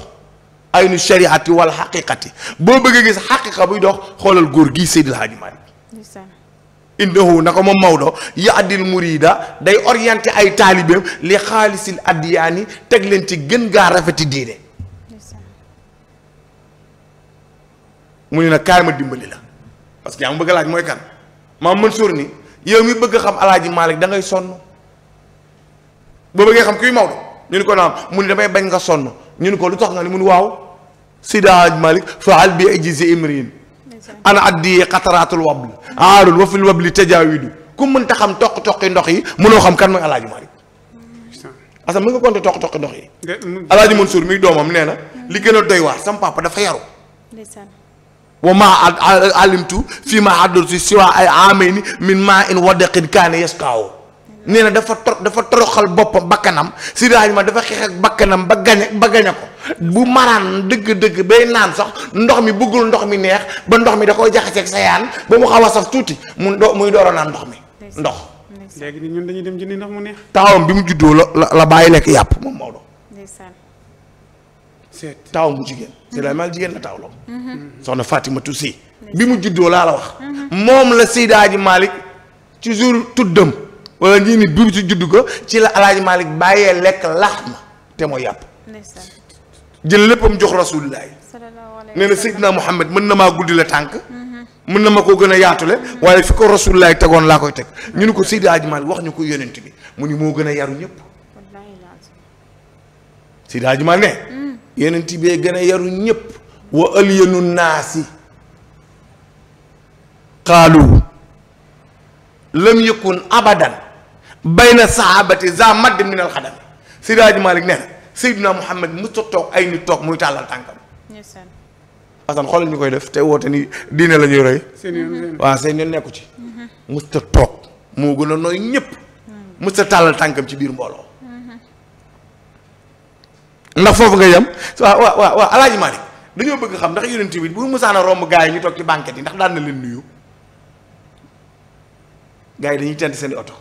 aynu shariati wala xaqiqati boo bëggee gis xaqiqa buy dox xoolal góor gii Seydi Aji Malick innahu na ko moom Maodo yaadil murida day orienté ay taalibeem li xaalisil addiyaani teg leen ci gën gaa rafeti diire mu ne nag kaay ma dimbali la parce que yaa ma bëgg laaj mooy kan maam Mansour ni yow mi bëgg xam alaaji Malick da sonn boo bëggee xam kuy Maodo ñu ni ko naam mu ni damay bañ nga sonn ñu ni ko lu tax nga ni mu ni waaw Sida Malick faal bi ajisi imrin ana addi xataraatul wabl aarul wa fil wabli tajaawidu ku mënta xam toq-toqi ndox yi mënoo xam kan mooy alaaji Malick asam mën nga compter toq-toqi ndox yi. alaaji Mansour mi doomam nee li gën a doy waar sam papa dafa yaru. wa maa alimtu fii ma hadartu siwa ay aameyni min maa in wadaqin kaane yaskaaw nee na dafa to dafa toroxal boppam bakkanam si daaj ma dafa xeex ak bakkanam ba gañe ba gañe ko bu maraan dëgg-dëgg bay naan sax ndox mi bëggul ndox mi neex ba ndox mi da koy jaxaseeg sa yaan ba mu xaw a saf tuuti mu do muy door a naan ndox mi ndox. léegi ni ñun dañuy dem jëndi ndox mu neex. taawam bi mu juddoo la la bàyyi lekk yàpp moom Maodo. ndeysaan. c'est taawam bu jigéen. c'est la mal jigéen la taaw la. Mm-hmm. Mm-hmm. soxna Fatima Toucy. bi mu juddoo laa la wax. Mm-hmm. moom la Seydi Hadji Malick ci jour tuddam. wala ñii ni biir ci juddu ko ci la alaaji Malick bàyyee lekk lax ma te moo yàpp jël léppam jox rasulilahi nee na Muhammad mën na maa guddi la tànk mm-hmm. mën na ma koo gën a yaatule waaye fi ko rasulilahi tegoon laa koy teg ñu ni ko Seydi Alaaji Malick wax ñu ko yonent bi mu ni moo gën a yaru ñëpp Seydi Alaaji Malick ne mm. yonent bee gën a yaru ñëpp wa alyanu naasi qaalu lam yakun abadan bayna sahabati za madd min al xadam Seydi Hadji Malick nee na Seydina Mouhamed mu sa toog ay nit toog muy tàllal tànkam. asan xoolal ñu koy def te woote ni diine la ñuy roy waaw seen yoon nekku ci mu sa toog moo gën a nooy ñëpp mu tàllal tànkam ci biir mbooloo ndax foofu nga yem waa waa waa waa Alaaji Malick dañoo bëgg xam ndax yonent bi bu musaana romb gars yi ñu toog ci banquette yi ndax daan na leen nuyu gars dañuy tent seeni oto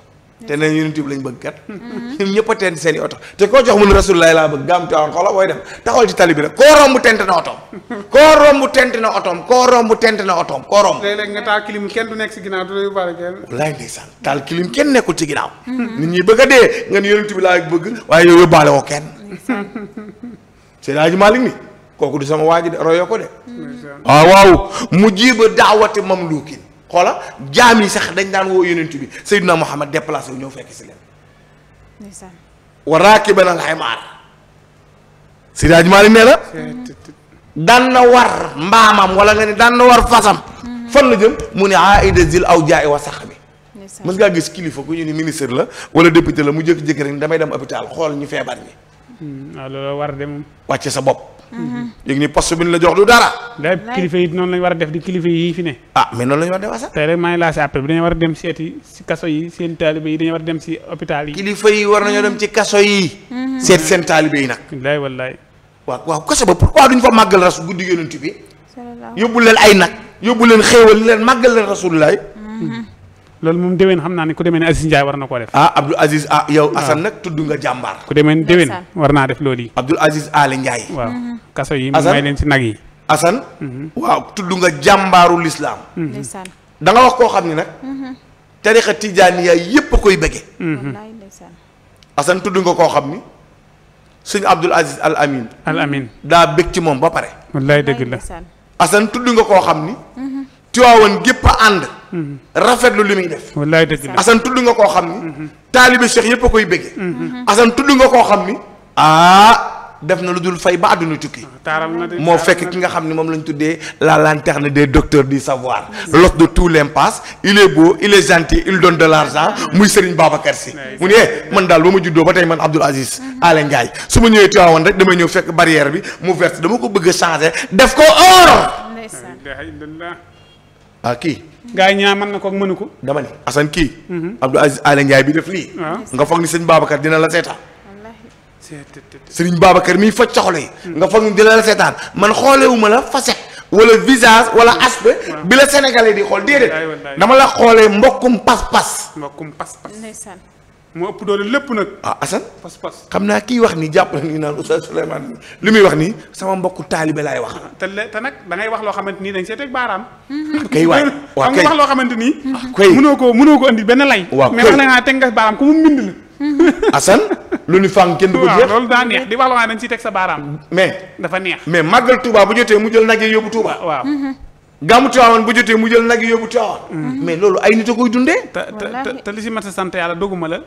te ne unité bi lañ bëgg kat. ñun ñëpp a tent seen oto te koo jox mun rasulullah laa bëgg gaam tuwaan xoola booy dem bi rek koo romb tent na otoom. koo romb tent na otoom koo romb tent na otoom koo romb. léeg-léeg nga taal clim kenn du nekk si ginnaaw du la yóbbaale kenn. walaay ndeysaan taal clim kenn nekkul ci ginnaaw. nit bëgg dee nga ne unité bi bëgg waaye yow yóbbaale woo kenn. Seydi Hadji Malick ni kooku du sama waa ji de ko de. waaw ah, waaw mu jiiba daawati kii xoola jaam yi sax dañ daan woo yonent bi Seydina Muhammad déplacé wu ñëw fekk si leen wa raakiban al ximaar si daaj maa nee na daan na war mbaamam wala nga ne daan na war fasam mhm. fan la jëm mu ne aida zil aw jaay wa sax bi mës ngaa gis kilifa ku ñu ni ministre la wala député la mu jékki-jékki rek damay dem hôpital xool ñu feebar ñi hmm, waaw loolu war dem wàcce sa bopp Mm-hmm. yëg ni poste bi ñu la jox du dara. day kilifa yi noonu lañ war a def di kilifa yi fi ne. ah mais noonu la ñu war a defar sax. tey rek maa ngi lancé appel bi dañu war a dem seeti si kaso yi seen taalibe dem si hôpital yi. kilifa yi war nañoo dem ci kaso yi. Mm-hmm. seet seen taalibe yi nag. wallaay wallaay. waaw waaw kaso ba pourquoi duñ fa màggal rasu guddi yonent bi. yóbbu leen ay nag yóbbu leen xéewal leen màggal leen rasulullaay mm-hmm. loolu moom déwén xam naa ne ku demee ne Aziz Ndiaye war na koo def. ah Abdou Aziz ah yow Assane nag tudd nga jàmbaar. ku demee war naa def loolu yi. Abdou Aziz Ali Ndiaye. waaw mhm. kaso yi. Assane may leen ci nag yi. Assane. Mhm. waaw tudd nga jàmbaaru lislaam. Mhm. wax koo xam ne nag. tariqa tijaaniya yépp a koy bëgge. tudd nga koo xam ni suñu Abdul Aziz Al Amin. Al Amin daa bëgg ci moom ba pare. wallaay dëgg la Assane tudd nga koo xam ni. Tiwaawan gépp a ànd. rafetlu li muy def. wallaay dëgg la Assane tudd nga koo xam ni. Mhm. taalibe Cheikh yëpp a koy bëggee. Mhm. Assane tudd nga koo xam ni. ah def na lu dul fey ba àdduna tukki. Ah, moo fekk ki nga xam ni moom lañ tuddee la na des docteurs du savoir. Mhm. l'hôte de tout l'impasse il est beau il est gentil il donne de l'argent muy Serigne Babacar Sy. mu ne eh, man daal ba ma juddoo ba tey man Abdoul Aziz Aly Ndiaye su ma ñëwee Tivaouane rek damay ñëw fekk barrière bi mu verte dama ko bëgg a changer def ko or. ah gaa yi na ko mënu ko. dama ne Assane kii. Mhm. Abdou Aziz Aly Ndiaye bi def lii. nga foog ni sëñ Babacar dina la seetaan. sëriñ Babacar miy faj soxla yi. Mhm. nga foog ni dina la seetaan man xoolewuma la facette wala visage wala mhm. aspect. bi la sénégalais di xool déedéet. dama la xoolee mbokkum pas-pas. mbokkum pas-pas. mu ëpp doole lépp nag. ah Assane. pas-pas xam naa kii wax ni jàpp na ni naan Oustaz Souleymane li muy wax nii sama mbokku taalibe laay wax. te le te nag da ngay wax loo xamante ni dañ see teg baaraam. kay waay waaw kay wax loo xamante ni. Ah, kay mënoo ko mënoo ko andi benn lay. mais wax la nga teg nga baaraam ku mu mbind la. Assane lu ni fang kenn du ko jeex loolu daa neex di wax loo xam dañ siy teg sa baaraam. mais dafa neex. mais màggal Touba bu jotee mu jël na yi yóbbu Touba waaw. Mm-hmm. gàmmu Tiwaawan bu jotee mu jël nag yóbbu Tiwaawan. Mhm. mais loolu ay nit a koy dundee. te te li si mat a sant yàlla doguma la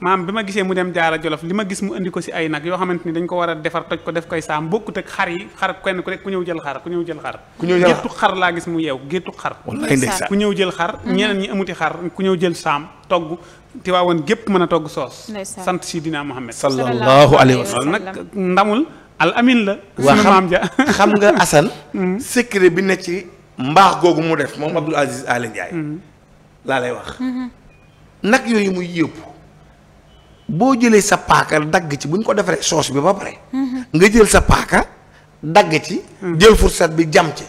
maam bi ma gisee mu dem jaara jolof li ma gis mu indi ko si ay nag yoo xamante ni dañ ko war a defar toj ko def koy saam bokkut ak xar yi xar kenn ku rek ku ñëw jël xar ku ñëw jël xar. ku ñëw jël xar géttu xar laa mu yeew géttu ku ñëw jël xar. Mhm. ñeneen ñi amuti xar ku ñëw jël saam togg. Tiwaawan gépp mën a togg soos. sant si dinaa Muhammad. sallallahu alayhi wa sallam nag ndamul al amin la. suñu maam ja xam nga Assane mhm. secret bi ne ci mbaax googu mu def moom Abdoul Aziz Aly Ndiaye mm-hmm. laa lay wax mm-hmm. nag yooyu muy yëpp boo jëlee sa paaka dagg ci buñ ñu ko defaree soos bi ba pare mm-hmm. nga jël sa paaka dagg ci jël fourchette bi jam ci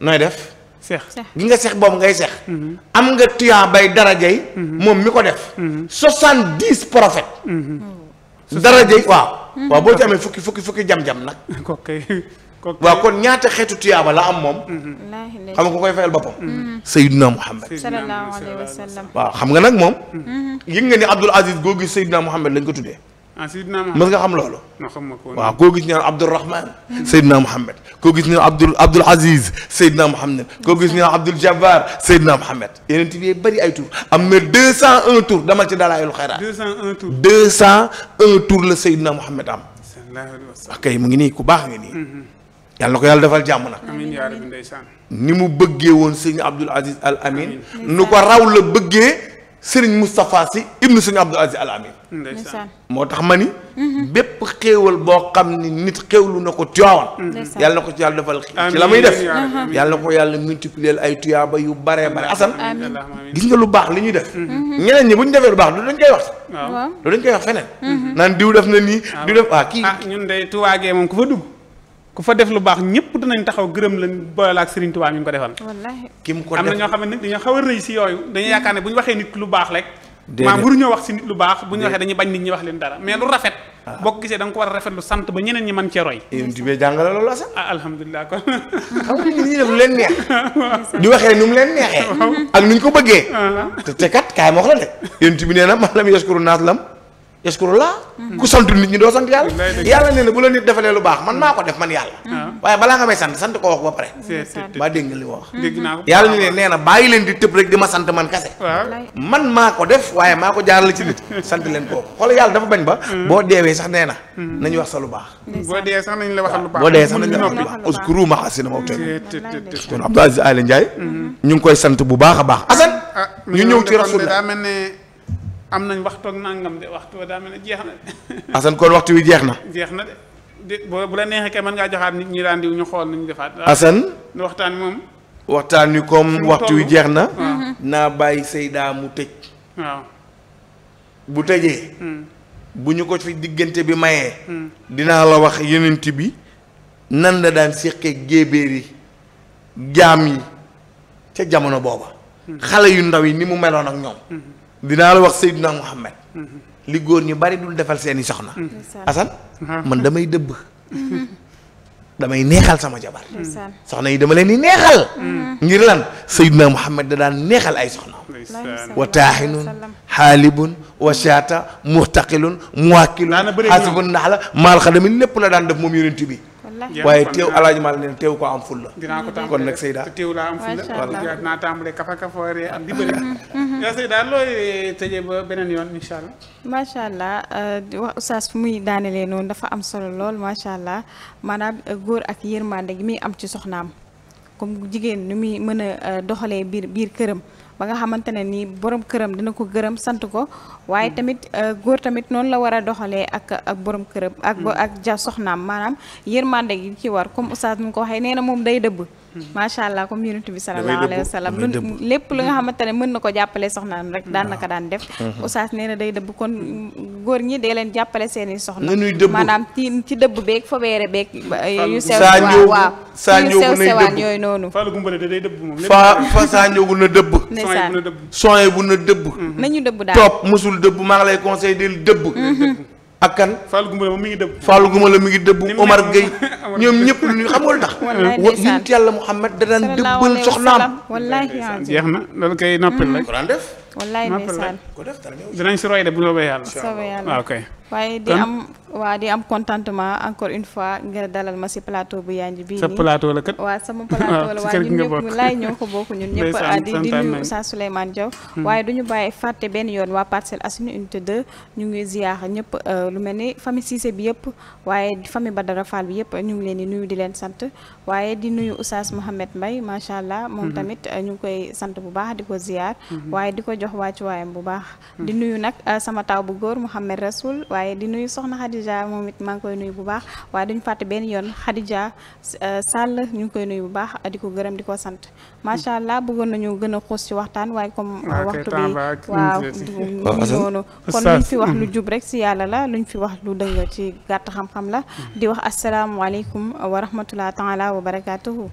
nooy def seex gi nga seex boobu ngay seex am nga tuyaa bay darajay moom mi ko def soixante dix prophètes darajay waaw waaw boo ci amee fukki fukki fukki jam-jam nag waaw kon ñaata xeetu tuyaaba la am moom. Mhm. xam nga ku koy fayal boppam. Mhm. Seydina Mohamed. sallallahu alayhi wa sallam. waaw xam nga nag moom. Mhm. yëg nga ni Abdul Aziz goo gis Seydina Mohamed lañ ko tuddee. ah Seydina Mohamed mës nga xam loolu. waaw koo gis ñu naan Abdul Rahman. Seydina Mohamed koo gis ñu naan Abdul Abdul Aziz Seydina Mohamed koo gis ñu naan Abdul Jabbar Seydina Mohamed. yeneen tudd yee bëri ay tur am na 201 tur damal ci dalaayul xayraat. 201 tur 201 tur la Seydina Mohamed am. Ah, kay mu ngi nii ku baax nga nii. yàlla na ko yàlla defal jàmm nag. amiin yaa rabbi ndeysaan. ni mu bëggee woon sëñ Abdul Aziz Al Amin. nu ko raw la bëggee. sëriñ Moustapha Sy ibnu sëriñ Abdou Aziz Al Amin moo tax ma ni mhm. bépp xéewal boo xam ni nit xéewlu na ko tuyaawan mhm. yàlla na ko ci yàlla defal ci la muy def yàlla na ko yàlla multiplier ay tuyaaba yu bare bare asan gis nga lu baax li ñuy def mhm. ñeneen ñi bu ñu defee lu baax lu dañ koy wax lu dañ koy wax feneen naan diw def na nii diw def waa ah, kii ah, ñun day tuwaagee ku fa def lu baax ñëpp dinañ taxaw gërëm lañ boole ak Serigne Touba mi ngi ko defal. am na ñoo xam ne nit dañoo xaw a rëy si yooyu. dañuy yaakaar ne bu ñu waxee nit lu baax rek. déedéet maam waruñoo wax si baax bu ñu waxee dañuy bañ nit ñi wax leen dara mais lu rafet. waaw ah. boo ko gisee da nga ko a rafetlu sant ba ñeneen ñi mën cee roy. yéen eh, tubee jàngale loolu la sax. ah alhamdulilah kon. def lu leen neex. di waxee nu mu leen neexee. ak nu ñu ko bëggee. Ah. te te kat kaay ma wax la de. yéen tubee nee na maanaam yaskuru naas lam yaskuru laa mhm. ku sant nit ñi doo sant yàlla yàlla nee bu la nit defalee lu baax man maa ko def man yàlla ah. waaye balaa nga may sant sant ko wax ba pare baa dégg nga li wax yàlla ñu ne nee bàyyi leen di tëb rek di ma sant man kase man maa ko def waaye maa ko jaarale ci nit sant leen kooku xool yàlla dafa bañ ba ah. boo deewee sax nee na hmm. nañu wax sa lu baax boo deewee sax nañ la waxal lu baax boo deewee la hmm. waxal lu baax uskuru ma xasina ma teg kon Abdou Aziz Aly Ndiaye hmm. ñu ngi koy sant bu baax a ah, am nañ waxtoog nàngam nangam de waxtu ba daa jeex na de. Assane kon waxtu wi jeex na. jeex na de de bu la neexee kay mën ngaa joxaat nit ñi daan diw ñu xool nañu defaat. asan waxtaan moom. waxtaan wi comme waxtu wi jeex na. Mhm. naa bàyyi seydaa mu tëj. bu tëjee. Hmm. bu ñu ko fi diggante bi mayee. Hmm. dinaa la wax yenent bi nan la daan séqee géebéer yi jaam yi ca jamono booba. Hmm. xale yu ndaw yi ni mu meloon ak ñoom. dinaa la wax Seydina Muhammad mm-hmm. li góor ñi bari dul defal seeni soxna mm-hmm. asan mm-hmm. man damay dëbb damay neexal sama jabar soxna yi dama leen di neexal ngir lan Seydina Muhammad da daan neexal ay soxna wa taaxinun xaalibun wa shaata muxtaqilun muwakkilun xasibun naxla maal xadami lépp la daan def moom yonent bi waaye teew alaaji maal neen teew ko am fulla dinaa ko tàmbalee kon nag Seyda teew laa am fulla wala naa mm-hmm. Mm-hmm. looy tëjee ba beneen yoon incha allah macha allah euh, di wax oustaz fu muy daanelee noonu dafa am solo lool macha allah maanaam euh, góor ak yërmande gi muy am ci soxnaam comme jigéen ni muy mën a euh, doxalee biir biir këram ba nga xamante ne ni borom këram dina ko gërëm sant ko waaye tamit euh, góor tamit noonu la war a doxalee ak ak borom këram. ak ak hmm. ja soxnaam maanaam yërmande gi ci war comme oustaz mu ko waxee nee na moom day dëbb. Mm-hmm. macha allah comme yonent bi sallallahu alayhi wa sallam lu lépp lu nga xamante ne mën na ko jàppale soxnaam rek daanaka mm-hmm. daan def mm-hmm. oustaz nee day dëbb kon góor ñi dee leen jàppale seeni soxna maanaam ci ci dëbb beeg fobeere beeg yu sew sewaan waaw saa ñëw sewaan yooyu noonu fa saa ñëwgu na dëbb soye bu na dëbb nañu dëbb daal topp musul dëbb maa ngi lay conseil del dëbb ak kan Fallou Goumbala moom mi ngi dëbb Fallou Goumbala mi ngi dëbb Omar Gueye ñoom ñëpp lu ñu xam nga lu tax wa yonent yàlla Muhammad da daan dëbbal soxnaam jeex na loolu kay noppil rek ko daan def wallaay ndeysaan ko def danañ si roy de bu soobee yàlla waaw ah, kay waaye di am waa di am contentement encore une fois ngir dalal ma si plateau bu yanj bii sa plateau la kat waaw sama plateau la waa ñun ñoo ko bokk ñun ñëpp di di nuyu sa Souleymane Diaw hmm. waaye du ñu bàyyi fàtte benn yoon waa Parcelles Assainies unité 2 ñu ngi ziyaar ñëpp euh, lu mel ni famille Cissé bi yëpp waaye famille Badara Fall bi yëpp ñu ngi leen di nuyu di leen sant waaye di nuyu Oustaz Mohamed mbay macha allah moom hmm. tamit euh, ñu ngi koy sant bu baax di ko ziyaar hmm. waaye di ko jox wàccuwaayam bu baax di nuyu nag euh, sama taw bu góor Mohamed Rasoul waaye di nuyu soxna Khadija moom it maa ngi koy nuyu bu baax waaye duñ fàtte benn yoon Khadija euh, Sall ñu ngi koy nuyu bu baax di ko gërëm di ko sant macha allah bëggoon nañu gën a xuus ci waxtaan waaye comme ah, waxtu bi wax lu jub rek si yàlla la luñ fi wax lu dëng ci gàtt xam la mm. di wax asalaamualeykum wa rahmatullah taala wa barakatuhu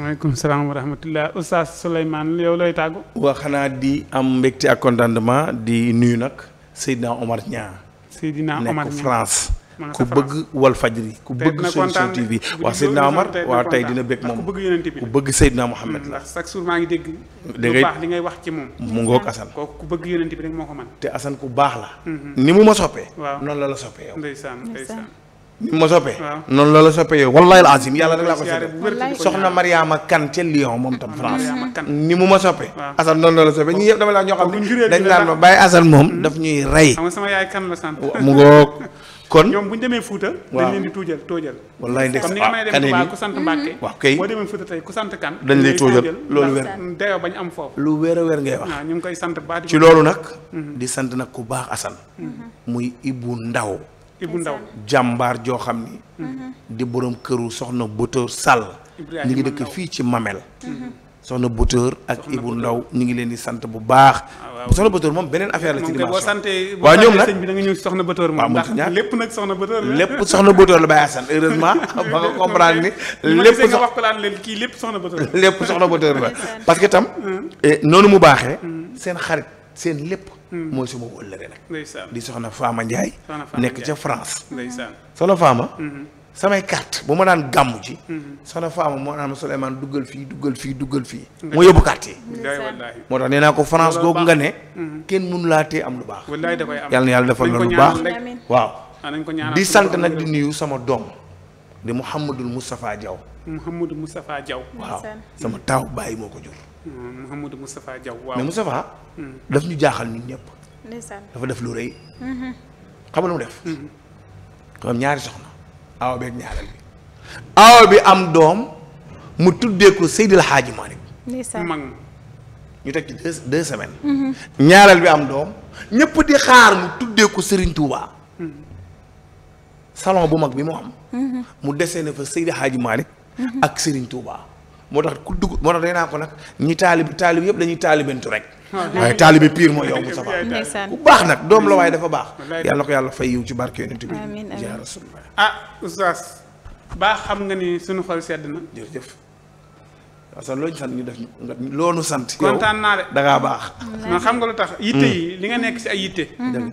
waaleykum salaam wa rahmatullah oustaz Souleymane yow looy tàggu. waa xanaa di am mbégte ak contentement di nuyu nag Seydina Omar Niang Seydina Omar nekk France. ku bëgg Walfadjri ku bëgg Solution TV waaw Seydina Omar waaw tey dina bëgg moom ku bëgg Seydina Mohamed la ndax chaque jour maa ngi dégg da ngay baax li ngay wax ci moom mu ngoog Assane ku bëgg yonent bi rek moo ko man te Assane ku baax la mm-hmm. ni mu ma soppee noonu la la soppee yow ndeysaan ndeysaan ni ma soppe noonu loola soppe yooyu la alazim yàlla rek laa ko soppe soxna Mariama Kan ca Lyon moom tam France mm, ni mu ma soppe Assane noonu loola soppe ñi yëpp dama la ñoo xam ne dañ naan ma bàyyi Assane moom mm. daf ñuy rey xam nga sama yaay kan la sant mu ngoog kon ñoom bu ñu demee Fuuta dañ leen di tuujal tuujal wallaay ndex ah, sant Mbàkke waaw kay sant kan dañ lay tuujal loolu wér dayo am foofu lu wér a wér ngay wax ñu ngi koy sant baat ci loolu nag mm-hmm. di sant nag ku baax Assane mm-hmm. muy Ibou Ndaw Ibou Ndaw jàmbaar joo xam ni. Mm-hmm. di borom këru soxna Botor Sall. ñu ngi dëkk fii ci Mamel. Mm-hmm. soxna Botor ak Ibou Ndaw ñu ngi leen di sant bu baax. Ah, soxna Botor moom beneen affaire la ci dimension waa ñoom nag sëñ bi da nga ñëw soxna Botor moom ndax lépp nag soxna Botor la lépp soxna Botor la Baye Assane heureusement ba nga comprendre ni lépp nga wax kii lépp soxna Botor lépp soxna Botor la parce que tam mm-hmm. eh, noonu mu baaxee seen xarit seen lépp Hmm. mooy suma wëllëre nag di soxna Fama Ndiaye nekk ca France soxna Fama hmm. samay carte bu ma daan gàmmu ji hmm. soxna Fama moo naan Souleymane duggal fii duggal fii duggal fii moo yóbbu carte yi moo tax nee naa ko France googu nga ne kenn mënu laa tee am lu baax yàlla na yàlla defal la lu baax waaw ah, di sant nag di nuyu sama doom di Mouhamadul Moustapha Diaw Mouhamadul Moustapha Diaw waaw sama taaw bàyyi moo ko jur Mouhamadou Moustapha Diaw waaw mais Moustapha. Hmm. daf ñu jaaxal ñun ñëpp. dafa def lu rëy. Mm-hmm. xam nga mu def. xam hmm. ñaari soxna. awa beeg ñaareel bi. awa bi am doom mu tuddee ko Seydil Hadji Malick. mu mag ñu teg ci deux semaines. Mm-hmm. ñaareel bi am doom ñëpp di xaar mu tuddee ko Serigne Touba. Hmm. salon bu mag bi moo am. Mm-hmm. mu dese na fa Seydil Hadji Malick. ak Serigne Touba. moo tax ku dugg moo tax nee naa ko nag ñi taalib taalib yëpp dañuy taalibantu rek. waaye taalibe pire mooy yow Moustapha ku baax nag doom la waaye dafa baax. yàlla ko yàlla fay yiw ci barke yonent bi. amiin amiin yaa Rasulullah ah, baax xam nga ni sunu xol sedd na. jërëjëf parce que loo ñu sant ñu def nga sant. kontaan naa de da baax. man xam nga lu tax. yitte yi mm. li nga nekk si ay yitte. Mm-hmm.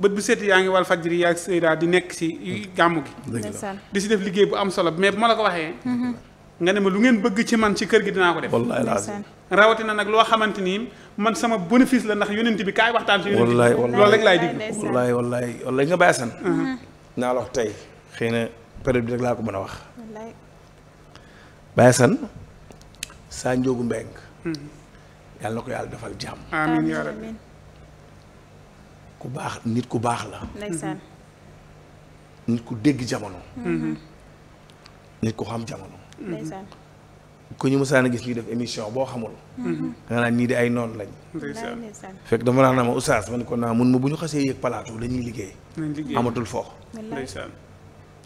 bët bu set yaa ngi wal fajri yaa ngi di nekk si mm. gàmmu gi. di si def liggéey bu am solo mais bu ma la ko waxee. Mm-hmm. nga ne ma lu ngeen bëgg ci man ci kër gi dinaa ko def. wallaahi laazim rawatina nag loo xamante ni man sama bénéfice la ndax yonent bi kaay waxtaan ci yonent bi. wallaahi wallaahi loolu rek laay diglu. wallaahi wallaahi wallaahi nga bàyyi san. Mhm. naa xëy na période bi laa ko mën a wax. bàyyi san saa njóogu mbeng. Mhm. yàlla na ko yàlla defal jàmm. ku baax nit ku baax la. nit ku dégg jamono. Mhm. nit ku xam jamono. ku ñu mësaan a gis ñuy def émission boo xamul. da mm-hmm. nga ñii de ay noon lañ. fekk naa naan ma oustaz ma ne ko naa mun ma bu ñu xasee yëg palaatu dañuy liggéey. amatul foo.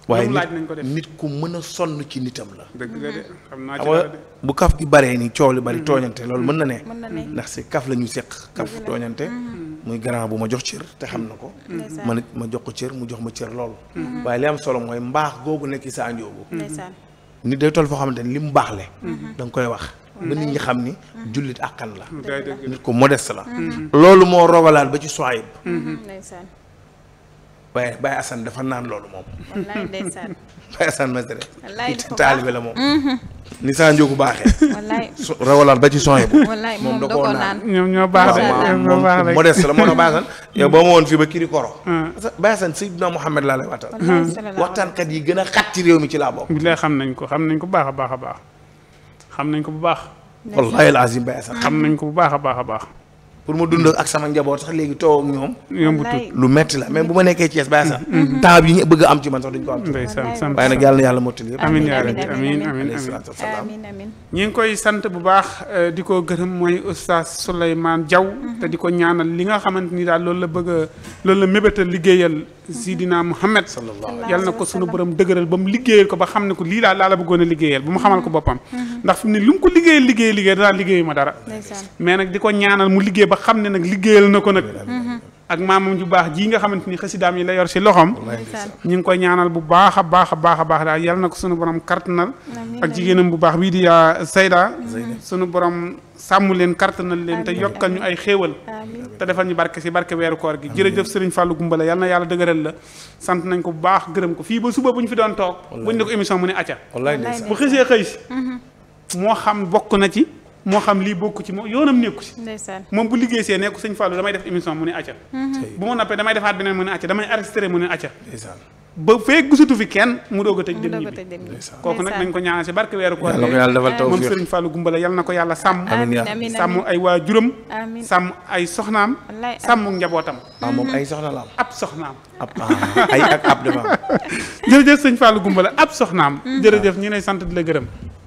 waaye nit nit ku mën a sonn ci nitam la. Mm-hmm. xam naa ci bu kaf gi baree ni coow li bari mm-hmm. tooñante loolu mën na ne. ndax si kaf la ñu seq. kaf tooñante. muy grand bu ma jox cër te xam na ko. ma it ma jox ko cër mu jox ma cër loolu. waaye li am solo mooy mbaax googu nekk ci saa njóobu. nit day toll foo xamante ni li mu baax le mhm. da nga koy wax ba nit ñi xam ni jullit akkan la nit ko modeste la mhm. loolu moo rogalaat ba ci soib waaye Baye Assane dafa naan loolu moom. wallaay ndeysaan. Baye Assane mestre. wallaay taalibe la moom. Mhm. ni saa njóogu baaxee. wallaay rawalaat ba ci sooy bu. wallaay moom da koo naan ñoom ñoo baax ñoo baax rek modeste la moo tax Baye Assane. yow boo ma woon fii ba kiri koro. Ah. parce que Baye Assane Seydina Mouhamed laa lay waxtaan. Hmm. waxtaankat yi gën a xat ci réew mi ci laa bokk. bi lay xam nañ ko xam nañ ko baax a baax a baax. xam nañ ko bu baax. wallaay al azim Baye Assane. xam nañ ko bu baax a baax a baax. pour ma dund ak sama njaboot sax léegi toog ak ñoom. yombutul lu metti la mais bu ma nekkee Thiès bàyyi sax. Mm-hmm. Mm-hmm. temps bi ñu bëgg am ci man sax duñ ko am. ndeysaan sant waaye nag yàlla moo yàlla mottali yëpp. amiin amiin amiin ñi ngi koy sant bu baax euh, di ko gërëm mooy oustaz Souleymane jaw mm-hmm. te di ko ñaanal li nga xamante ni daal loolu la bëgg loolu la mébétal liggéeyal sidina Muhammad yal na ko sunu borom dëgëral ba mu liggéeyal ko ba xam ne ko lii daal laa la bëggoon a liggéeyal ba mu xamal ko boppam mm-hmm. ndax fi mu ne lu mu ko liggéeyal liggéey liggéey danaa liggéeyu ma dara mais nag di ko ñaanal mu liggéey ba xam ne nag liggéeyal na ko nag mm-hmm. ak maamam ju baax ji nga xamante ni xasidaam yi la yor si loxoom ñu ngi koy ñaanal bu baax a baax a baax a baax daal yàlla na ko sunu borom kartanal ak jigéenam bu baax bii di yaa Sayda sunu borom sàmm leen kartanal leen te yokkal ñu ay xéewal te defal ñu barke si barke weeru koor gi jërëjëf sëriñ Fallou Gumbala yàlla na yàlla dëgëral la sant nañ ko bu baax gërëm ko fii ba suba bu ñu fi doon toog buñ ne ko émission mu ne acca bu xësee xëy si mhm. moo xam bokk na ci moo xam lii bokk ci moom yoonam nekku si moom bu liggéey see nekku sëñ Fallou damay def émission mu ne acca mhm. bu ma noppee damay defaat beneen mu ne acca damay enregistré mu ne acca ba feeg gisatu fi kenn mu doog a tëj dem ñibbi kooku nag nañ ko ñaanal si barke weeru koor moom Serigne Fallou Gumbala yal na ko yàlla sàmm ay ay waajuram sàmm ay soxnaam sàmm njabootam ah, moom ay soxna la am ab soxnaam ab ah, ay ak ab dafa am jërëjëf sëñ Fallou Gumbala ab soxnaam mhm. jërëjëf ñu lay sant di la gërëm